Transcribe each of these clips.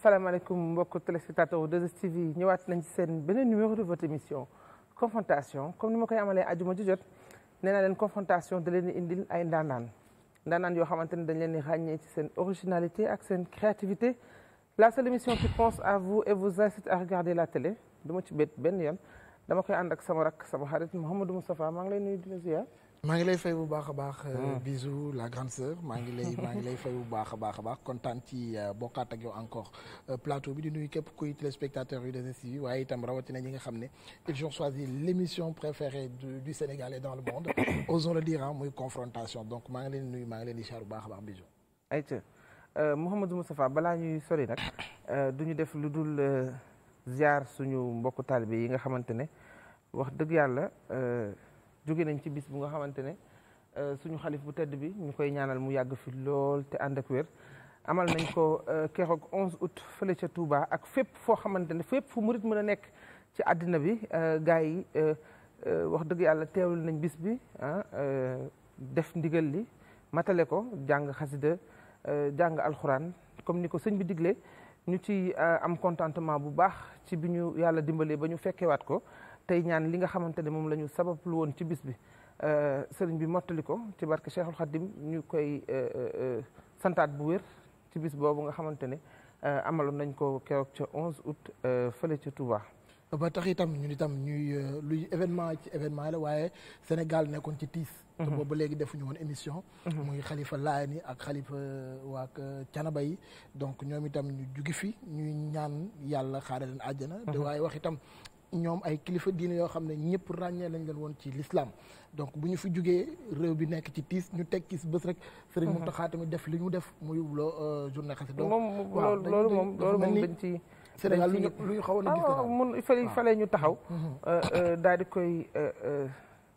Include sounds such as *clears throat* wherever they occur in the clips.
asalaamaaleykum mbokk téléspectateur 2STV ñëwaat nañ ci seen beneen numéro de votre émission confrontation comme ni ma koy amalee ajuma ju jot nee naa leen confrontation da leen di indil ay ndaanaan ndaanaan yoo xamante ne dañ leen di ràññee ci seen originalité ak seen créativité la seule émission qui pense à vous et vous incite à regarder la télé du ma ci bét benn yoon dama koy ànd ak sama rakk sama xarit Mouhamadou Moustapha maa ngi lay nuyu di maa ngi lay fay bu baax a baax. Euh, ah. bisou la grande sœur maa ngi lay maa ngi lay fay bu baax a baax a baax kontaan ci euh, bokkaat ak yow encore euh, plateau bi di nuyu képp kuy téléspectateur yu 2STV waaye itam rawatina ñi nga xam ne ils ont émission préférée du Sénégal et dans le monde *coughs* osons le dire ah muy confrontation donc maa ngi leen nuyu maa leen di xaar bu baax a baax bisou. ayca Mouhamadou Moustapha balaa ñuy sori nag *coughs* du ñu def lu dul ziar suñu mbokku taalibe yi nga xamante ne wax dëgg yàlla. jóge nañ ci bis bu nga xamante ne euh, suñu xalif bu tedd bi ñu koy ñaanal mu yàgg fi lool te ànd ak wér amal nañ ko euh, keroog 11 août fële ca ak fépp foo xamante ne fépp fu murit mën a nekk ci àddina bi euh, gars yi wax dëgg yàlla teewul nañ bis bi ah, def ndigal li matale ko jàng xasida jàng alxuraan comme ni ko sëñ bi diglee ñu ci am contentement bu baax ci bi ñu yàlla dimbalee ba ñu fekkewaat ko tey ñaan li nga xamante ne moom lañu ñu sabab lu woon ci bis bi euh, sëriñ bi mottali ko ci barke Cheikhul Khadim ñu koy euh, euh, santaat bu wér ci bis boobu nga xamante ne amaloon nañ ko keroog ca 11 août fële ca Touba. ba tax itam ñun itam ñuy luy événement ci événement la waaye Sénégal nekkoon ci tiis. Mhm. te boobu ba léegi defuñu woon émission. Mhm. muy xalifa ni ak xalifa waa Canaba yi donc ñoom itam ñu jugi fi ñuy ñaan yàlla xaare àjjana. Mhm. te waaye wax itam ñoom ay kilifa diine yoo xam ne ñëpp ràññee lañ leen woon ci l'islam donc bu ñu fi jugee réew bi nekk ci tiis ñu teg ci bés rek. Serigne mhm. Mountakha tamit def li mu def muy loo euh, journée xasida. donc waaw loolu moom loolu moom ci Sénégal lu lu ñu xawoon a ah, gis. mun ñu taxaw. Mhm. Euh, euh, daal di koy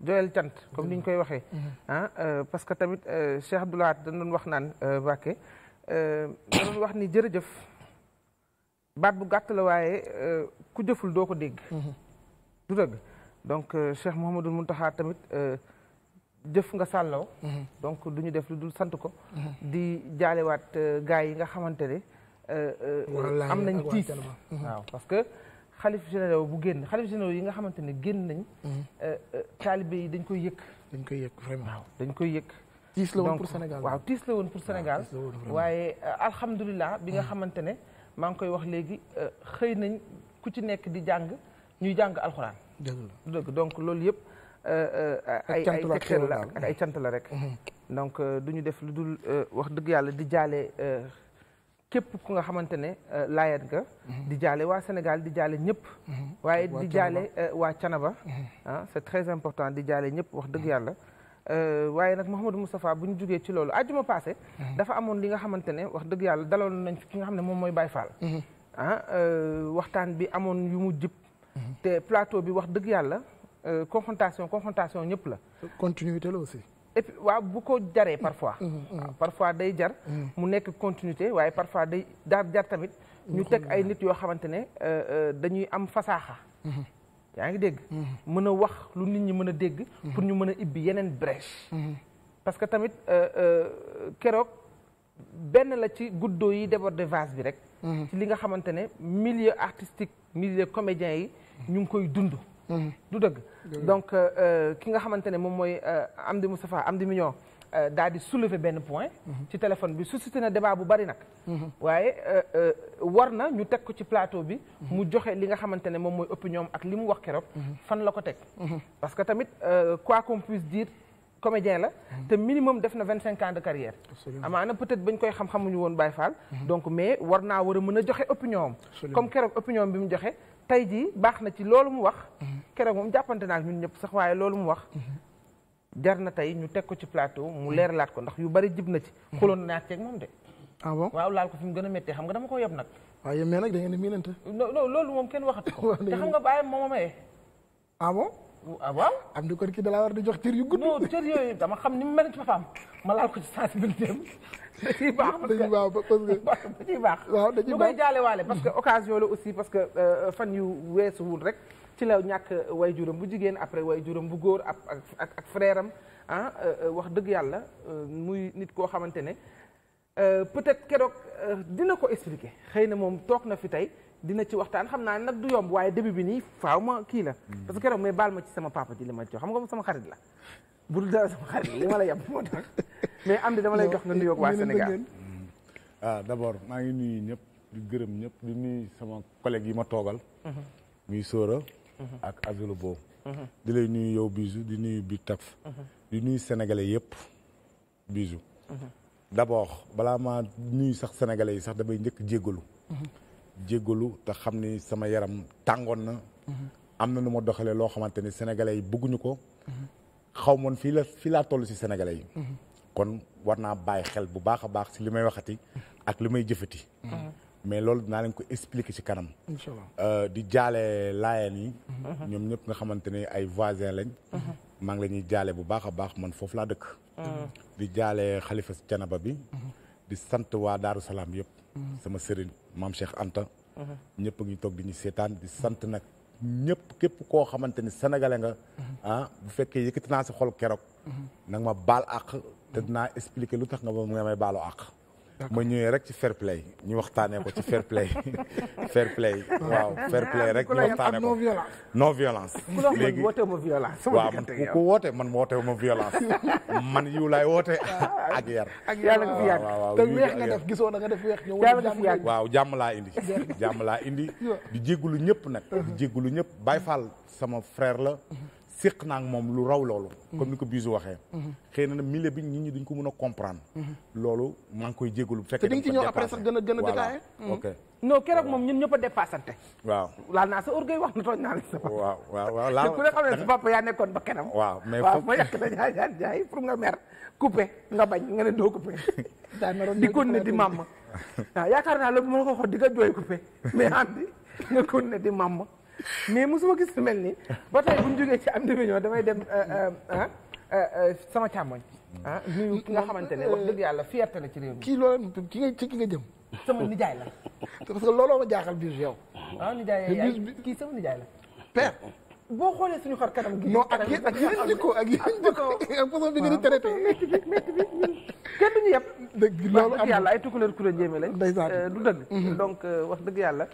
joyal cant comme ni ñu koy waxee. Mhm. ah parce que tamit Cheikh Abdoulaye dañ doon wax naan Bakke. dañ doon wax ni jërëjëf. baat bu gàtt la waaye euh, ku jëful doo ko dégg. Mhm. du dëgg donc euh, Cheikh Mouhamadul taxaa tamit euh, jëf nga sàllaw. Mhm. donc du def lu dul sant ko. Mhm. di jaalewaat gars yi nga xamante ne. am nañ tiis waaw parce que xalif général bu génn xalif général yi nga xamante ne génn nañ. taalibe yi dañ koy yëkk. dañ koy yëkk vraiment dañ koy yëkk. tiis la woon pour Sénégal waaw tiis waaye alhamdulilah bi nga xamante ne. maa ngi koy wax léegi euh, xëy nañ ku ci nekk di jàng ñuy jàng alxuraan. dëgg donc loolu yëpp. Euh, euh, ay ay tegtal la ay cant la rek. Mm-hmm. donc du ñu def lu dul wax dëgg yàlla di jaale képp ku nga xamante ne laayat nga. Mm-hmm. di jaale waa Sénégal di jaale ñëpp. Mm-hmm. waaye di jaale waa Canaba. ah c'est très important di jaale ñëpp wax dëgg yàlla. Euh, waaye nag Mouhamadou Moustapha bu ñu jugee ci loolu àjjuma passé mhm. dafa amoon li nga xamante ne wax dëgg yàlla daloon nañ fi ki nga xam ne moom mooy Baye Fall mhm. ah euh, waxtaan bi amoon yu mu jib mhm. te plateau bi wax dëgg yàlla euh, confrontation confrontation ñëpp la continuité la aussi et waaw bu ko jaree parfois waaw ah, parfois day jar mu nekk continuité waaye parfois day daar jar tamit ñu teg ay nit yoo xamante ne dañuy am fasaaxa yaa ngi dégg. Mm-hmm. mën a wax lu nit ñi mën a dégg. Mm-hmm. pour ñu mën a ibbi yeneen brèche. Mm-hmm. parce que tamit euh, euh, keroog benn la ci guddoo yi déborde vase bi rek. ci li nga xamante ne milieu artistique milieu comédien yi ñu ngi koy dund. du dëgg donc euh, ki nga xamante ne moom mooy Amdi Moustapha Amdi Mignon. Euh, daal di soulever benn point. Mhm. ci téléphone bi suscité na débat bu bari nag. Mhm. waaye euh, euh, war na ñu teg ko ci plateau bi. Mhm. mu joxe li nga xamante ne moom mooy opinion ak li mu wax keroog. fan la ko teg. parce que tamit quoi qu'on puisse dire comédien la. te minimum def na vingt cinq ans de carrière. na peut être bañ koy xam-xamuñu woon Baye Fall. donc mais war naa war a mën a joxe opinion am. comme keroog opinion bi mu joxe. tey ji baax na ci loolu mu wax. keroog moom jàppante naa ñun ñëpp sax waaye loolu mu wax. jar na tey ñu teg ko ci plateau mu leerlaat ko ndax yu bari jib na ci. xuloon naa ceeg moom de. ah bon waaw laal ko fi mu gën a méttee xam nga dama ko yob nag. waaw yéen mais nag da ngeen di miinante. loolu moom kenn waxatu ko. *laughs* te xam nga bàyyam moo ma ah ah, waaw. am na kon kii da laa war di jox cër yu gudd. non cër yooyu dama xam ni mu mel ci papaam ma laal ko ci sensibilité am. *laughs* da ciy baax parce que da ciy *laughs* baax. waaw da ciy baax ñu koy jaalewaale parce que occasion la aussi parce que euh, fan yu weesuwul rek. ci la ñàkk way juróom bu jigéen après way juróom bu góor ak ak ak ah, euh, euh, wax dëgg yàlla euh, muy nit koo xamante ne peut-être keroog dina ko expliquer xëy na moom toog na fi tey dina ci waxtaan xam naa nag du yomb waaye début bi nii faaw ma kii la. Mm-hmm. parce que keroog mais baal ma ci sama papa di li ma jox xam nga sama xarit la. bu dul dara sama xarit li ma la yab moo tax *laughs* mais am di dama lay jox nga nuyoog waa Sénégal. Mm-hmm. ah maa ngi nuyu ñëpp di gërëm ñëpp di nuyu sama collègue yi ma toogal. Mm-hmm. muy Sora. ak Azul Bo. Mhm. di lay nuyu yow Bijou di nuyu Big Taf. Mhm. di nuyu sénégalais yëpp Bijou. Mhm. d'abord balaa ma nuyu sax sénégalais yi sax damay njëkk jéggalu. jéggalu te xam ni sama yaram tàngoon na. am na nu ma doxalee loo xamante ni sénégalais yi bëgguñu ko. xaw moon fii la fii laa toll si sénégalais yi. kon war naa bàyyi xel bu baax a baax si li may waxati. ak li may jëfati. mais loolu dinaa leen ko expliquer ci kanam. incha allah euh, di jaale layen yi. Mhm. ñoom ñëpp nga xamante ne ay voisins lañ. Mhm. maa ngi ñuy jaale bu baax a baax man foofu laa dëkk. Mhm. di jaale xalifa canaba bi. di sant waa Daaru Salaam yëpp. sama sëriñ maam Cheikh Anta. ñëpp ngi toog di ñu seetaan di sant nag ñëpp képp koo xamante ni sénégalais nga. ah bu fekkee yëkkati naa sa xol keroog. nag ma baal àq. te dinaa expliquer lu tax nga ba nga may baalo àq. ma ñëwee rek ci fair play ñu waxtaanee ko ci fair play *laughs* fair play rek ñu waxtaanee ko non violence léegi waaw man ku woote man woote ma violence *laughs* man yiw laay woote ah, *laughs* ak yar ak na waaw jàmm laa indi jàmm laa indi di jéggulu ñëpp nag uh-huh. di jéggulu ñépp Baye Fall sama frère la uh-huh. féq naa ak moom lu raw loolu. Mm-hmm. comme ni ko bisu waxee. Mm-hmm. xëy na nag milieu bi nit ñi dañ ko mën a comprendre. Mm-hmm. loolu maa ngi koy jégalu bu fekkee. te di nga ci ñëw après sax gën a gën a détaillé. ok non keroog moom ñun ñëpp a dépassante. waaw laal naa sa orgueil wax na tooñ naa la sa ba kanam. waaw ma yàq la jaay jaay jaay pour nga mer coupé nga bañ nga ne doo coupé. *laughs* di kon di màmm. Ah, yaakaar naa loolu moo ko xool di jooy coupé *laughs* mais andi nga kon di màmm mais mosuma gis lu mel ni ba tey bu ñu jógee ci am réunion damay dem euh, euh, euh, sama càmmoñ ah ki nga xamante ne wax dëgg yàlla fierté la ci réew kii loolu ki ci ki nga jëm. sama nijaay la. *laughs* parce que looloo jaaxal biir yow. ah kii sama nijaay la. boo xoolee suñu xar kanam gi. non ak yéen ak yéen jikko ak yéen jikko ak façon bi ngeen di traité. métti bi métti dëgg loolu am yàlla ay tukkuleer kuréel jéeme lañ. du dëgg. Mhm. donc wax dëgg yàlla.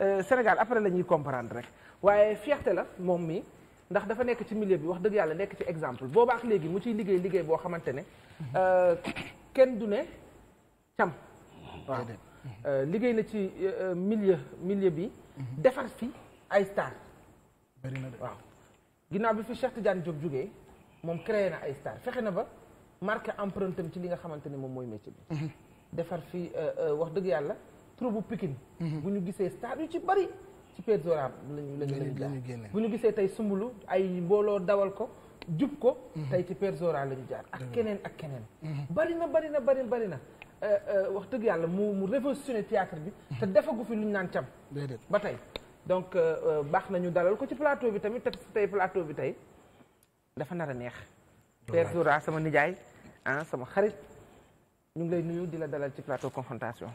Euh, Sénégal après la ñuy comprendre rek waaye fierté la moom mi ndax dafa nekk ci milieu bi wax dëgg yàlla nekk ci exemple boobaa ak léegi mu ciy liggéey liggéey boo xamante ne euh, kenn du ne cam waaw euh, liggéey na ci millier milieu bi mhm. defar fi ay star bëri waaw ginnaaw bi fi Cheikh Tidiane Diop jógee moom créé na ay star fexe na ba marqué empreinte am ci li nga xamante ni moom mooy métier bi mhm. defar fi wax dëgg yàlla trouve Pikine mhm. bu ñu gisee stade ci bari ci Petsora lañu lañu lañu jaar bu ñu gisee tey sumbulu ay mbooloo dawal ko jub ko mhm. tey ci Petsora la ñu jaar ak keneen ak keneen mhm. bari na bari na bari bari na euh, euh, wax dëgg yàlla mu mu révolutionné théâtre bi te defagu fi lu ñu naan cam ba tey donc euh, baax nañu dalal ko ci plateau bi tamit te tey plateau bi tey dafa nar a neex Petsora sama nijaay ah sama xarit ñu ngi lay nuyu di la dalal ci plateau confrontation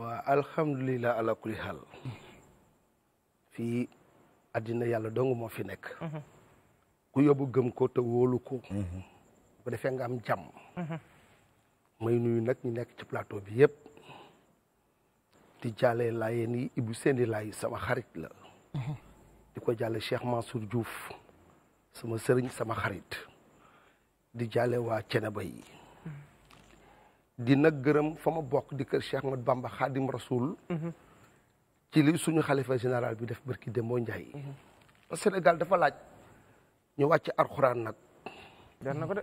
waa alhamdulilah ala kulli xaal fii àddina yàlla dong moo fi nekk mhm. ku yóbbu gëm ko te wóolu ko mhm. bu defee nga am jàmm mhm. may nuyu nag ñu nekk ci plateau bi yëpp di jàllee laayeen yi Ibou sama xarit la di ko jàlle Cheikh Mansour Diouf sama sëriñ sama xarit di jàllee waa Ceneba di nag gërëm fa ma bokk di kër Cheikh Ahmad Bamba Khadim Rasoul mhm. ci li suñu xalifa général bi def barki Demba Ndiaye. Mhm. Sénégal dafa laaj ñu wàcc alxuraan nag. na ko de.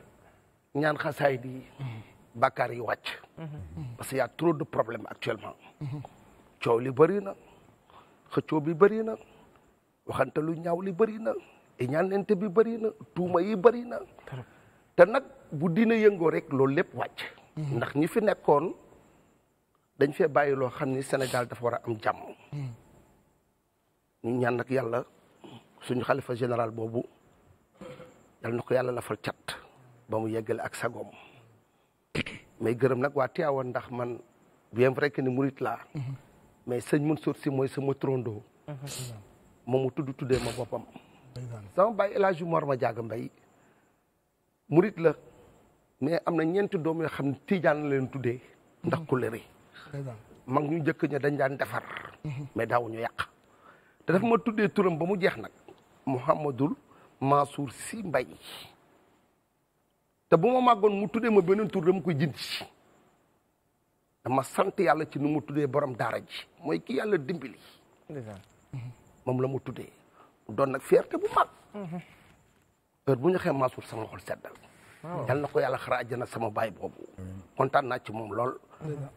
ñaan xasaay di mhm. bàkkaar yi wàcc. parce que y' a trop de problèmes actuellement. coow li bëri na xëccoo bi bëri lu ñaaw li bëri na ñaanente bi bëri na tuuma yi bëri na. te nag bu diine yëngoo rek loolu lépp wàcc. Mm-hmm. ndax ñi fi nekkoon dañ fee bàyyi loo xam ni Sénégal dafa war a am jàmm. Mm-hmm. ñu ñaan nag yàlla suñu xalifa général boobu yal na ko yàlla lafal cat ba mu yeggale ak sagoom *coughs* mais gërëm nag waa Tivaouane ndax man bien vrai ni murit laa. Mm-hmm. mais sëñ Mansour si mooy sama trondo. moom mu tudd tuddee ma boppam. sama bàyyi El Hadj ma jaaga mbay murit la. mais am na ñeenti doom yoo xam ne tiijaan leen tuddee ndax kuléeri mag ñu njëkk ña dañ daan defar mhm. mais daawuñu yàq te dafa ma tuddee turam ba mu jeex nag Mouhamadul Mansour si mbay te bu ma màggoon mu tuddee ma beneen tur mu koy jindi dama sant yàlla ci nu mu tuddee borom daara ji mooy kii yàlla dimbali moom la mu tuddee doon nag fierté bu mag mhm. heure bu ñu xee Mansour sama seddal yal na ko yàlla xara àjjana sama baay boobu kontaan naa ci moom lool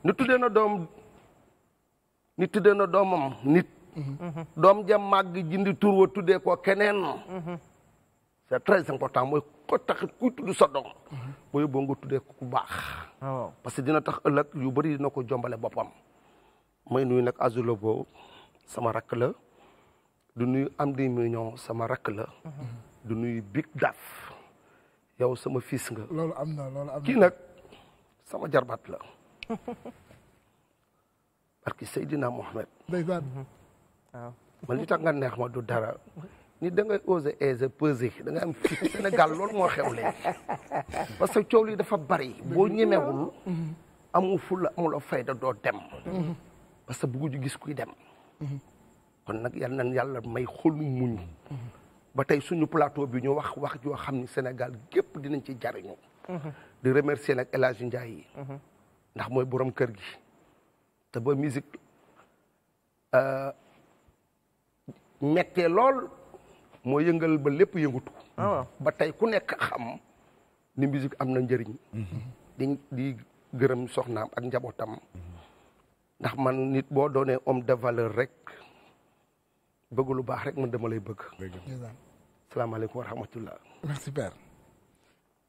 ni na doom ni tuddee na doomam nit mhm. doom ja màgg jindi tur wa tuddee ko keneen mhm. c'est très important mooy ko tax kuy tudd sa doom mhm. boo tuddee ko ku baax ah, parce que dina tax ëllëg yu bari dina ko jombale boppam may nuyu nag azulo boobu sama rakk la du nuyu am di million sama rakk la du big daf yow sama fiis nga. loolu am na loolu am na kii nag sama jarbaat la. parce *laughs* que Seydina Mohamed. ndeysaan mhm. nga neex ma du dara. ni da ngay osé aisé pesé da ngay am fii Sénégal loolu moo xew léegi *laughs* parce que coow dafa bari boo mhm. ñemewul mhm. amul fulla amuloo fayda doo dem parce que bëggu gis kuy dem kon nag yal nañ yàlla may xolu muñ ba tey suñu plateau bi ñu wax wax joo xam ni Sénégal gépp dinañ ci jariñu mhm. di remercier nag El Hadj yi mhm. ndax mooy borom kër gi te ba musique euh, mettee lool moo yëngal ba lépp yëngutu ah ba tey ku nekk xam ni musique am na njëriñ mhm. di di gërëm soxnaam ak njabootam ndax man nit boo doonee om de valeur rek bëgg lu baax rek man dama lay bëgg. salaamaaleykum wa rahmatullah. merci père.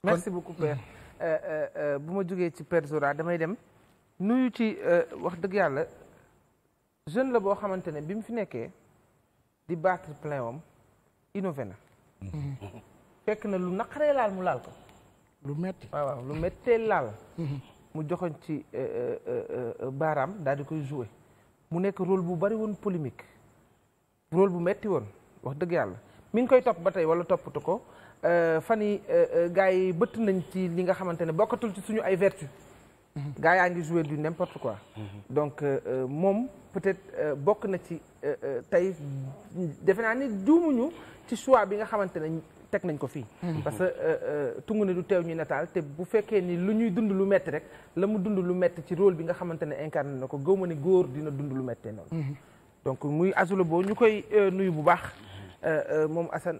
merci beaucoup père. Mm-hmm. Euh, euh, euh, bu ma jógee ci père Zora damay dem nuyu ci wax dëgg yàlla jeune la boo xamante ne bi mu fi nekkee di battre plein wam innové na. Mm-hmm. fekk na lu naqaree laal mu laal ko. lu metti waaw waaw lu mettee laal. Mm-hmm. mu joxoñ ci baaraam daal di koy jouer mu nekk rôle bu bari woon polémique. rôle bu metti woon wax dëgg yàlla mi ngi koy topp ba tey wala toppatu ko euh, fan yi euh, euh, gars yi bëtt nañ ci li nga xamante ne bokkatul ci suñu ay vertu mhm. gars yaa ngi jouer du n'importe quoi mhm. donc moom peut-être bokk na ci tey defe naa ni juumuñu ci choix bi nga xamante ne teg nañ ko fii mhm. parce que tungu ne du teew ñu nataal te bu fekkee ni lu ñuy dund lu metti rek la mu dund lu metti ci rôle bi nga xamante ne incarné na ko gëw ma ne góor dina dund lu mettee noonu donc muy Azou Lo ñu koy euh, nuyu bu baax euh, euh, moom Assane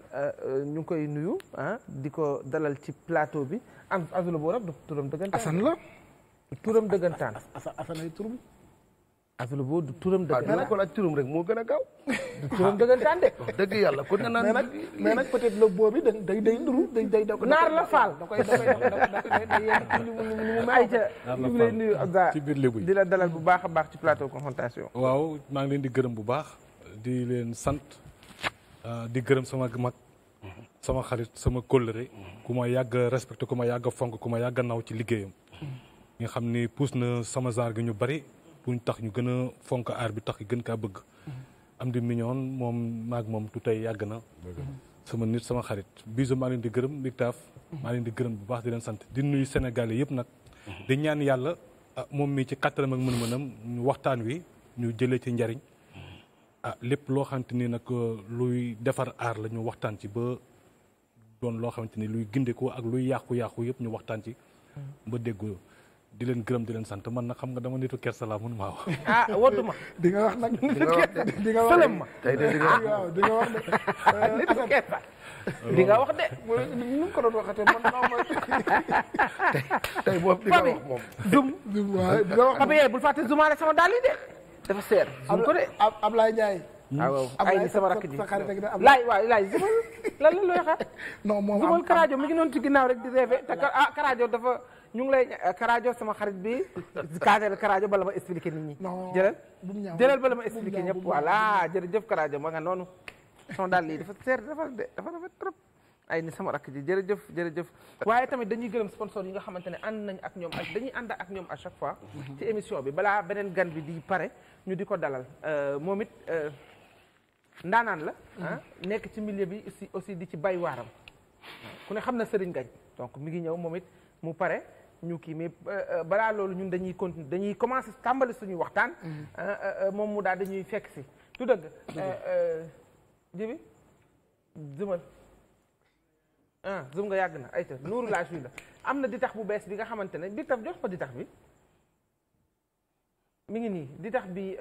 ñu ngi koy nuyu ah di ko dalal ci plateau bi am Azou boo nag du turam dëggantaan Assane la turam dëggantaan Assane ay turam affaire boobu turam dëgg. waaw ah, ko laaj turam rek moo gën a gaaw. turam dëggantaan de. dëgg yàlla ku ne naan mais nag mais nag peut être le boobu day day day nduru day day. naar la faal da koy da koy da mu lay nuyu Abda ci biir Lébu di la dalal bu baax a baax ci plateau confrontation. waaw maa ngi leen di gërëm bu baax di leen sant ah, di gërëm sama mag sama xarit sama kóllëre ku ma yàgg respecté ku ma yàgg fonk ku ma yàgg naw ci liggéeyam. nga xam ni pousse na sama genre gi ñu bari buñ tax ñu gën a fonk aar bi tax gën kaa bëgg. Mm-hmm. am di mignon moom maak moom tu tey yàgg na. Mm-hmm. sama nit sama xarit biso maa leen di gërëm lig taaf. Mm-hmm. maa leen di gërëm bu baax di leen sant di nuyu Sénégalais yëpp nag. di ñaan yàlla a ah, moom mii ci kattanam ak mën-mënam ñu waxtaan wi ñu jëlee ci njariñ. a ah, lépp loo xamante ni nag uh, luy defar aar la ñu waxtaan ci ba doon loo xamante ni luy gindikoo ak luy yàqu-yàqu yëpp ñu waxtaan ci. ba déggoo. di leen gërëm di leen sant man na xam nga dama nitu kersa laa mun maa wax. ah wóotu di nga wax nag. di nga wax de di nga wax de tey de di nga ah, ah, ko doon ma. *laughs* tey wax moom. dum dum waaye daal yi de. dafa seer. suñ ko de ab Ablaye Ndiaye. Hmm? ah waaw ay sama rakk ji laay zumal *laughs* lan la looy xaar. non moom am am ngi noonu ci ginnaaw rek di rêvé ah Karajo dafa. ñu ngi lay karaajo sama xarit bi kaaseel karaajo bala ma expliqué nit ñi. jëlal jëlal bala ma expliqué ñëpp voilà jërëjëf karaajo ma nga noonu. son daal lii dafa seer dafa dafa rafet trop. ay ni sama rakk ji jërëjëf jërëjëf waaye tamit dañuy gërëm sponsor yi nga xamante ne ànd nañ ak ñoom dañuy ànd ak ñoom à chaque fois mhm. ci émission bi balaa beneen gan bi di pare ñu di ko dalal euh, moom it euh, ndaanaan la mhm. ah, nekk ci milieu bi aussi aussi di ci bay waaram ku ne xam na Serigne Gagne donc mi ngi ñëw moom it mu pare ñu kii mais euh, euh, balaa loolu ñun dañuy continuer dañuy commencé tàmbali suñu waxtaan. Mm-hmm. Euh, moom mu daal dañuy fekk si. du dëgg. jibi zumal ah, zum nga yàgg na ayca nuuru laa suy la am na ditax bu bees bi nga xamante ne ditax jox ma ditax bi mu ngi nii ditax bi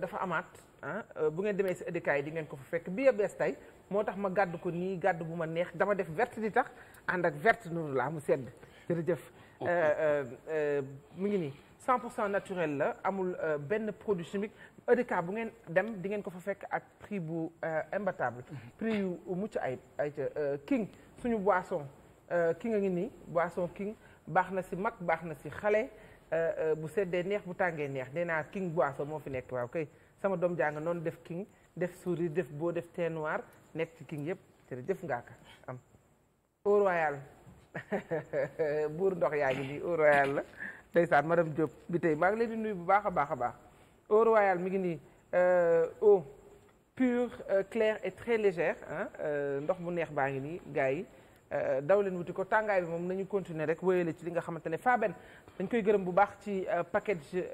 dafa amaat ah bu ngeen demee si ëddikaay di ngeen ko fa fekk bi ya bees tey moo tax ma gàdd ko nii gàdd bu ma neex dama def verte ditax ànd ak verte nuuru laa mu sedd. jërëjëf euh, euh, euh, mu ngi nii 100 naturel la amul benn produit chimique EDK bu ngeen dem di ngeen ko fa fekk ak prix bu imbattable mhm. prix yu mucc ayib ay king suñu boisson king a ngi nii boisson king baax na si mag baax na si xale bu seddee neex bu tàngee neex nee naa king boisson moo fi nekk waaw kay sama doom nga noonu def king def souris def boo def thé nekk ci king yëpp jërëjëf ngaa ka am au royal *laughs* buur ndox yaa ngi nii au royal la ndeysaan madame Diop bi tey maa ngi leen di nuyu bu baax a baax a baax au royal mi ngi nii euh, eau pure euh, claire et très légère euh, ndox mu neex baa ngi nii gars yi daw leen wuti ko tàngaay bi moom nañu continuer rek wéyale ci li nga xamante ne Faben dañ koy gërëm bu baax ci package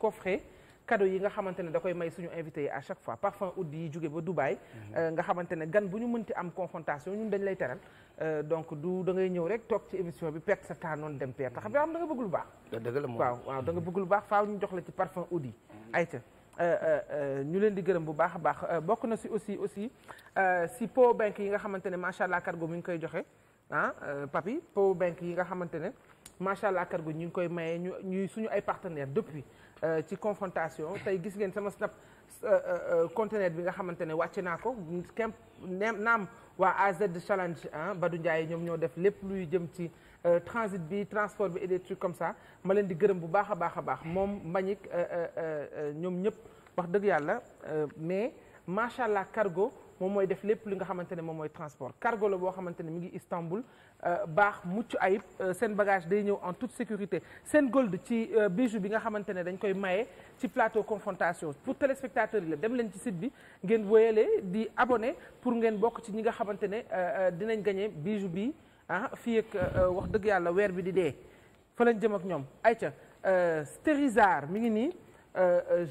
coffret cadeau yi nga xamante ne da koy may suñu invité yi à chaque fois parfum oud yi jóge ba Dubaï mhm. euh, nga xamante ne gan bu ñu mënti am confrontation ñun dañ lay teral euh, donc du da ngay ñëw rek toog ci émission bi perte sa temps noonu dem perte xam nga am da nga bëgg lu baax waaw waaw da nga mhm. bëgg lu baax faaw ñu jox la ci parfum oud yi mhm. ayca euh, ñu leen di gërëm bu baax a baax bokk na si aussi aussi si po bank yi nga xamante ne macha allah cargo mi ngi koy joxe ah papi po bank yi nga xamante ne macha allah cargo ñu ngi koy maye ñu ñuy suñu ay partenaires depuis Euh, ci confrontation tey gis ngeen sama snap euh, euh, conteneur bi nga xamante ne wàcc naa ko kemp naam waa AZ challenge ah Badou Ndiaye ñoom ñoo def lépp luy jëm ci transit bi transport bi et comme ça ma leen di gërëm bu baax a baax a baax moom Mbagnick ñoom ñëpp wax dëgg yàlla mais macha allah cargo moom mooy def lépp li nga xamante ne moom mooy transport cargo la boo xamante mu mi ngi Istanbul euh, baax mucc ayib euh, seen bagage day ñëw en toute sécurité seen gold ci euh, bijou bi nga xamante ne dañ koy maye ci plateau confrontation pour téléspectateurs yi la dem leen ci site bi ngeen wéyale di abonné pour ngeen bokk ci ñi nga xamante ne dinañ gañe bijou bi ah fii wax dëgg yàlla weer bi di dee fa lañ jëm ak ñoom ay ayca stérisar mi ngi nii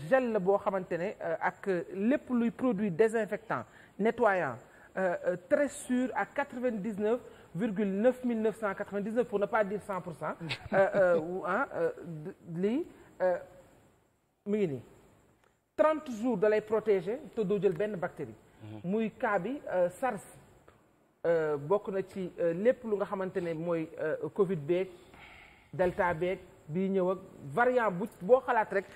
gel la boo xamante ne ak lépp luy produit désinfectant nettoyant euh, euh, très sûr à 99 virgule 9999 pour ne pas dire 100 pour cent ah lii mu ngi nii 30 jours da protégé te doo jël benn bactérie. Mhm. muy cas bi SARS bokk na ci lépp lu nga xamante ne mooy Covid beeg Delta beeg bii ñëw ak variant bu boo xalaat rek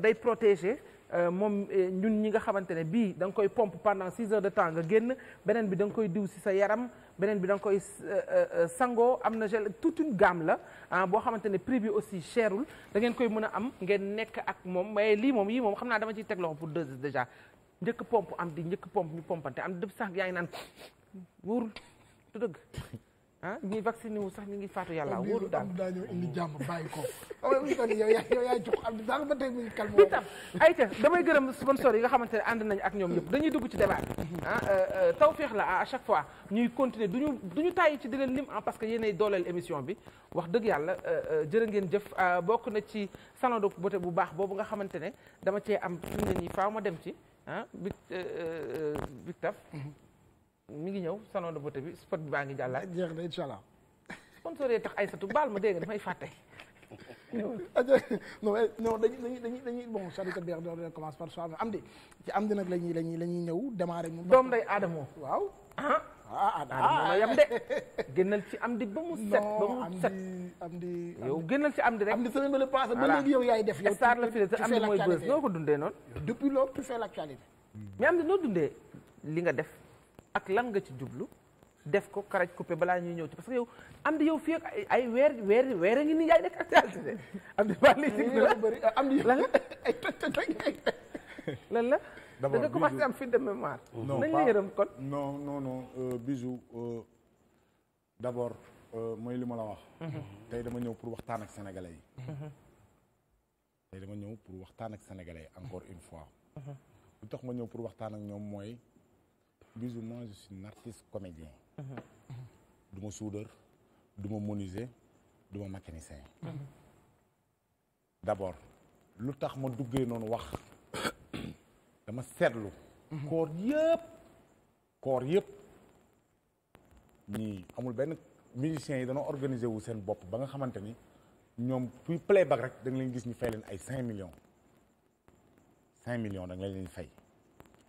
day protéger. Euh, moom euh, ñun ñi nga xamante ne bii da nga koy pomp pendant six heures de temps nga génn beneen bi danga koy diw si sa yaram beneen bi danga nga koy euh, sangoo am na gel toute une la ah, boo xamante ne prix bi aussi cherul dangeen ngeen koy mën a am ngeen nekk ak moom mais lii moom yii moom xam naa dama ciy teg loxo pour deux déjà njëkk pompe am di njëkk pompe ñu pompante am dëpp sax yaay ngi naan wóorul du ah ñuy vacciné wu sax ñu ngi faatu yàlla wóolu daal daa ñëw indi jàmm bàyyi ko yow yaa jox am sax ba tey mu ngi calme itam damay gërëm sponsor yi nga xamante ne ànd nañ ak ñoom ñëpp dañuy dugg ci débat bi mhm. ah, euh, euh, tawféex la à chaque fois ñuy continuer du ñu tàyyi ci di leen lim ah parce que yéenay dooleel émission bi wax dëgg yàlla euh, jërë ngeen jëf ah, bokk na ci salon de beauté bu baax boobu nga xamante ne dama cee am fi ne nii faaw ma dem ci ah mi ngi ñëw salon de beauté bi spot bi baa ngi jàllaat. jeex na incha allah. sponsor yi tax Aïssatou baal ma dégg nga damay fàtte. Ah, non eh, non dañuy dañuy dañuy bon charité bi dañuy commence par soi am di ci nag la ñuy la ñuy la ñuy ñëw démarrer. doom nday Adamo waaw. ah ah Adamo la yam de. *laughs* génnal ci am di ba mu set. ba mu set am di yow génnal ci am di rek. am di semaine bële passé ba léegi yow yaay def. yow star am di mooy noo ko dundee noonu. depuis loolu tu la l'actualité. mais am di noo dundee li nga def. ak lan nga ci jublu def ko karaj coupé balaa ñuy ñëw ci parce que yow am di yow fii ak ay weer weer weer a ngi nii yaay nekk actualité am di ba léegi la am di lan la *laughs* ay ay da nga commencé am fil de mémoire nañ la yërëm kon non non non euh, bijou euh, d'abord euh, mooy li ma la wax mhm. tey dama ñëw pour waxtaan ak sénégalais yi mhm. tey dama ñëw pour waxtaan ak sénégalais yi encore une fois mhm. lu tax ma ñëw pour waxtaan ak ñoom mooy Bijou moi je suis un artiste comédien. Mhm. Mhm. du ma soudeur du ma menuisier du ma mécanicien. Mhm. d'abord lu tax ma duggee noonu wax dama seetlu. koor yëpp koor yëpp ñii amul benn musiciens yi dana organiser wu seen bopp ba nga xamante ni ñoom puy playback rek da leen gis ñu fay leen ay cinq millions cinq millions da nga leen fay.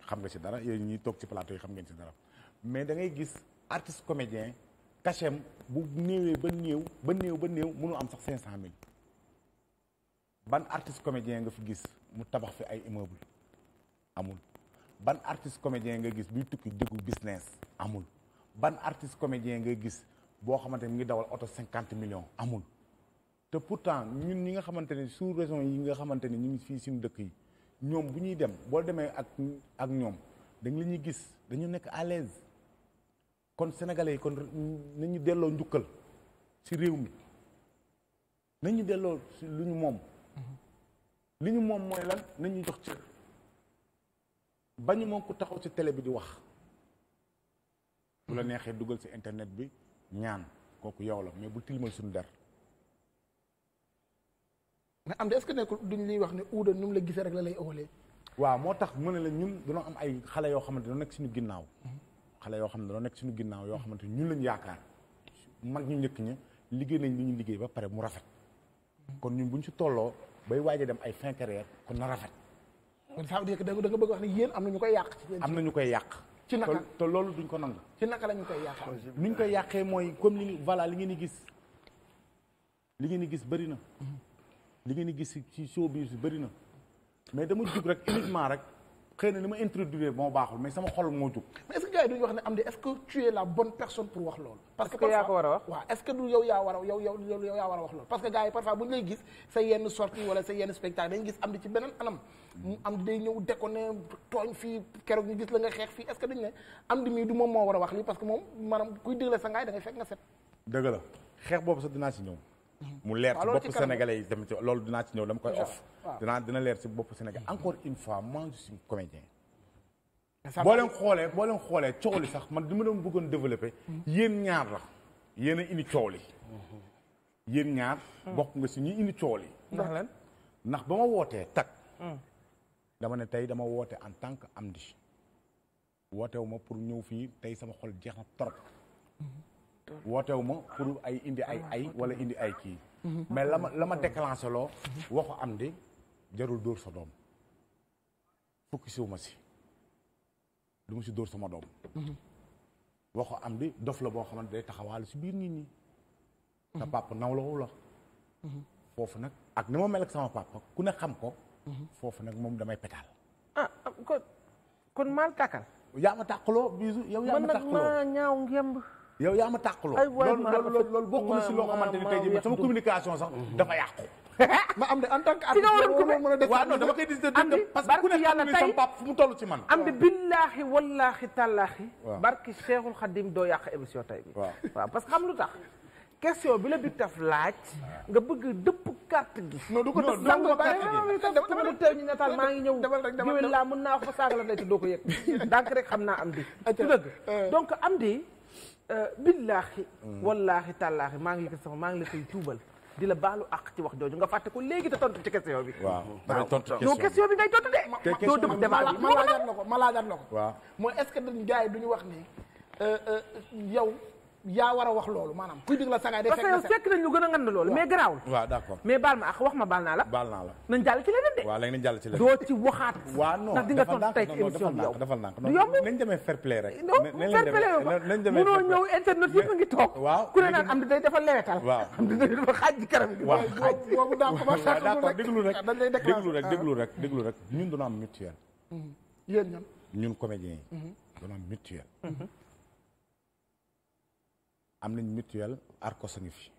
xam nga si dara yéen ñuy toog ci plateau yi xam ngeen ci dara mais da ngay gis artiste comédien cachem bu néewee ba néew ba néew ba néew mënu am sax cinq cent mille ban artiste comédien nga fi gis mu tabax fi ay immeuble amul ban artiste comédien nga gis buy tukki dëggu business amul ban artiste comédien nga gis boo xamante mi ngi dawal oto cinquante million amul te pour pourtant ñun ñi nga xamante ne sous région yi nga xamante ne ñu ngi fii suñu dëkk yi ñoom bu ñuy dem boo demee ak ak ñoom dañ la ñuy gis dañu nekk à kon sénégalais yi kon nañu delloo njukkal si réew mi nañu delloo ci lu ñu moom mm-hmm. li ñu moom mooy lan nañu jox ci bañu moom ku taxaw ci télé bi di wax bu la neexee dugal ci internet bi ñaan kooku yow la mais bu tilimal suñu der mais am de est-ce que nekkul duñ liy wax ne uuda nu mu la gisee rek la lay ëwalee waaw moo tax mu ne la ñun dañoo am ay xale yoo xamante dañoo nekk suñu ginnaaw xale yoo xam ne dañoo nekk suñu ginnaaw yoo xamante ñun lañu yaakaar mag ñu njëkk ña liggéey nañ li ñu liggéey ba pare mu rafet kon ñun ñu si tolloo bay waaja dem ay fin kon na rafet ça veut dire que da bëgg wax ne yéen am na ñu koy yàq am na ñu koy yàq ci naka te loolu duñ ko nangu ci naka la ñu koy yàq luñ koy yàqee mooy comme li voilà li ngeen gis li ngeen di gis bëri na li ngeen di gis ci showbiz bi bëri na mais dama jug rek uniquement rek xëy na li ma introduire moo baaxul mais sama xol moo jug. mais est ce que gars parce que yaa ko war a wax waaw est ce que du yow yaa war a yow yow yow yaa war a wax loolu. parce que gars yi parfois bu ñu lay gis sa yenn sortie wala sa yenn spectacle dañu gis am di ci beneen anam. mu am day ñëw déconné tooñ fii keroog ñu gis la nga xeex fii est ce que dañu ne am di mii du moom moo war a wax lii parce que moom maanaam kuy déglee sa ngaay da ngay fekk Mm-hmm. mu leer ci bopp sénégalais yi tamit loolu dinaa ci ñëw dama koy off dinaa dina leer ci bopp sénégal mm-hmm. encore une fois moi je suis comédien boo leen xoolee boo leen xoolee li sax man di ma doon bëggoon développé mm-hmm. yéen ñaar la yéen a indi coow li yéen ñaar mm. bokk nga si ñu indi coow ndax lan ndax ba ma wootee tag mm. dama ne tey dama woote en tant que Amdy woote wu ma pour ñëw fii tey sama xol jeex na trop wootewu ma pour ay indi ay ay ah, wala indi ay kii mhm. mais la ma la ma déclenché loo waxu am di jarul dóor sa doom fukki siwu ma si du ma si dóor sama doom mhm. waxu am di dof la boo xamante day taxawaale si biir nit ñi sa papa nawlawu mhm. foofu nag ak ni ma mel ak sama papa ku ne xam ko foofu nag moom damay pétaal ah, kon maal tàkkal yaa ma tàkkaloo bisu yow yaa ma tàkkaloo ñaaw ngemb yow yaa ma tàqaloo. ay waay ma loolu loolu loolu bokk na si loo xamante ni tey jii sama communication sax mm. dafa yàqu. *laughs* ma am de en tant a waaw que ne xam am de billaahi wallaahi tallaahi. bi. waaw parce la Big Taf laaj nga bëgg gi. non du ko dëpp carte gi dama dama teew ñu nataal maa ngi ñëw. dama laa mën naa wax ba saaga la day te doo ko yëg. *laughs* donc rek xam naa am di. dëgg euh. donc am di. Euh, billaahi wallaahi tàllaahi maa ngi yëkkati sama maa ngi la koy tuubal di la baalu àq ci wax jooju nga fàtte ko léegi te tontu ci question bi. waaw dama tontu bi question bi ngay tontu de. te question bi ma la ma laajaat ko ma laajaat la ko. waaw mooy est-ce que dañ gars yi duñu wax ni euh, euh, yow. yaa war a wax loolu maanaam kuy dig la sagaay day fekk parce que fekk nañ ma la baal naa la nañ jàll ci leneen de waaw léegi nañ jàll a ngi toog *laughs* waaw day dafa lewetal waaw *laughs* am di day rek ñun duna am mutuel mm-hmm. ñun ñun yi mm-hmm. duna am mutuel mm-hmm. am nañ mutuel Arcos a ngi fi.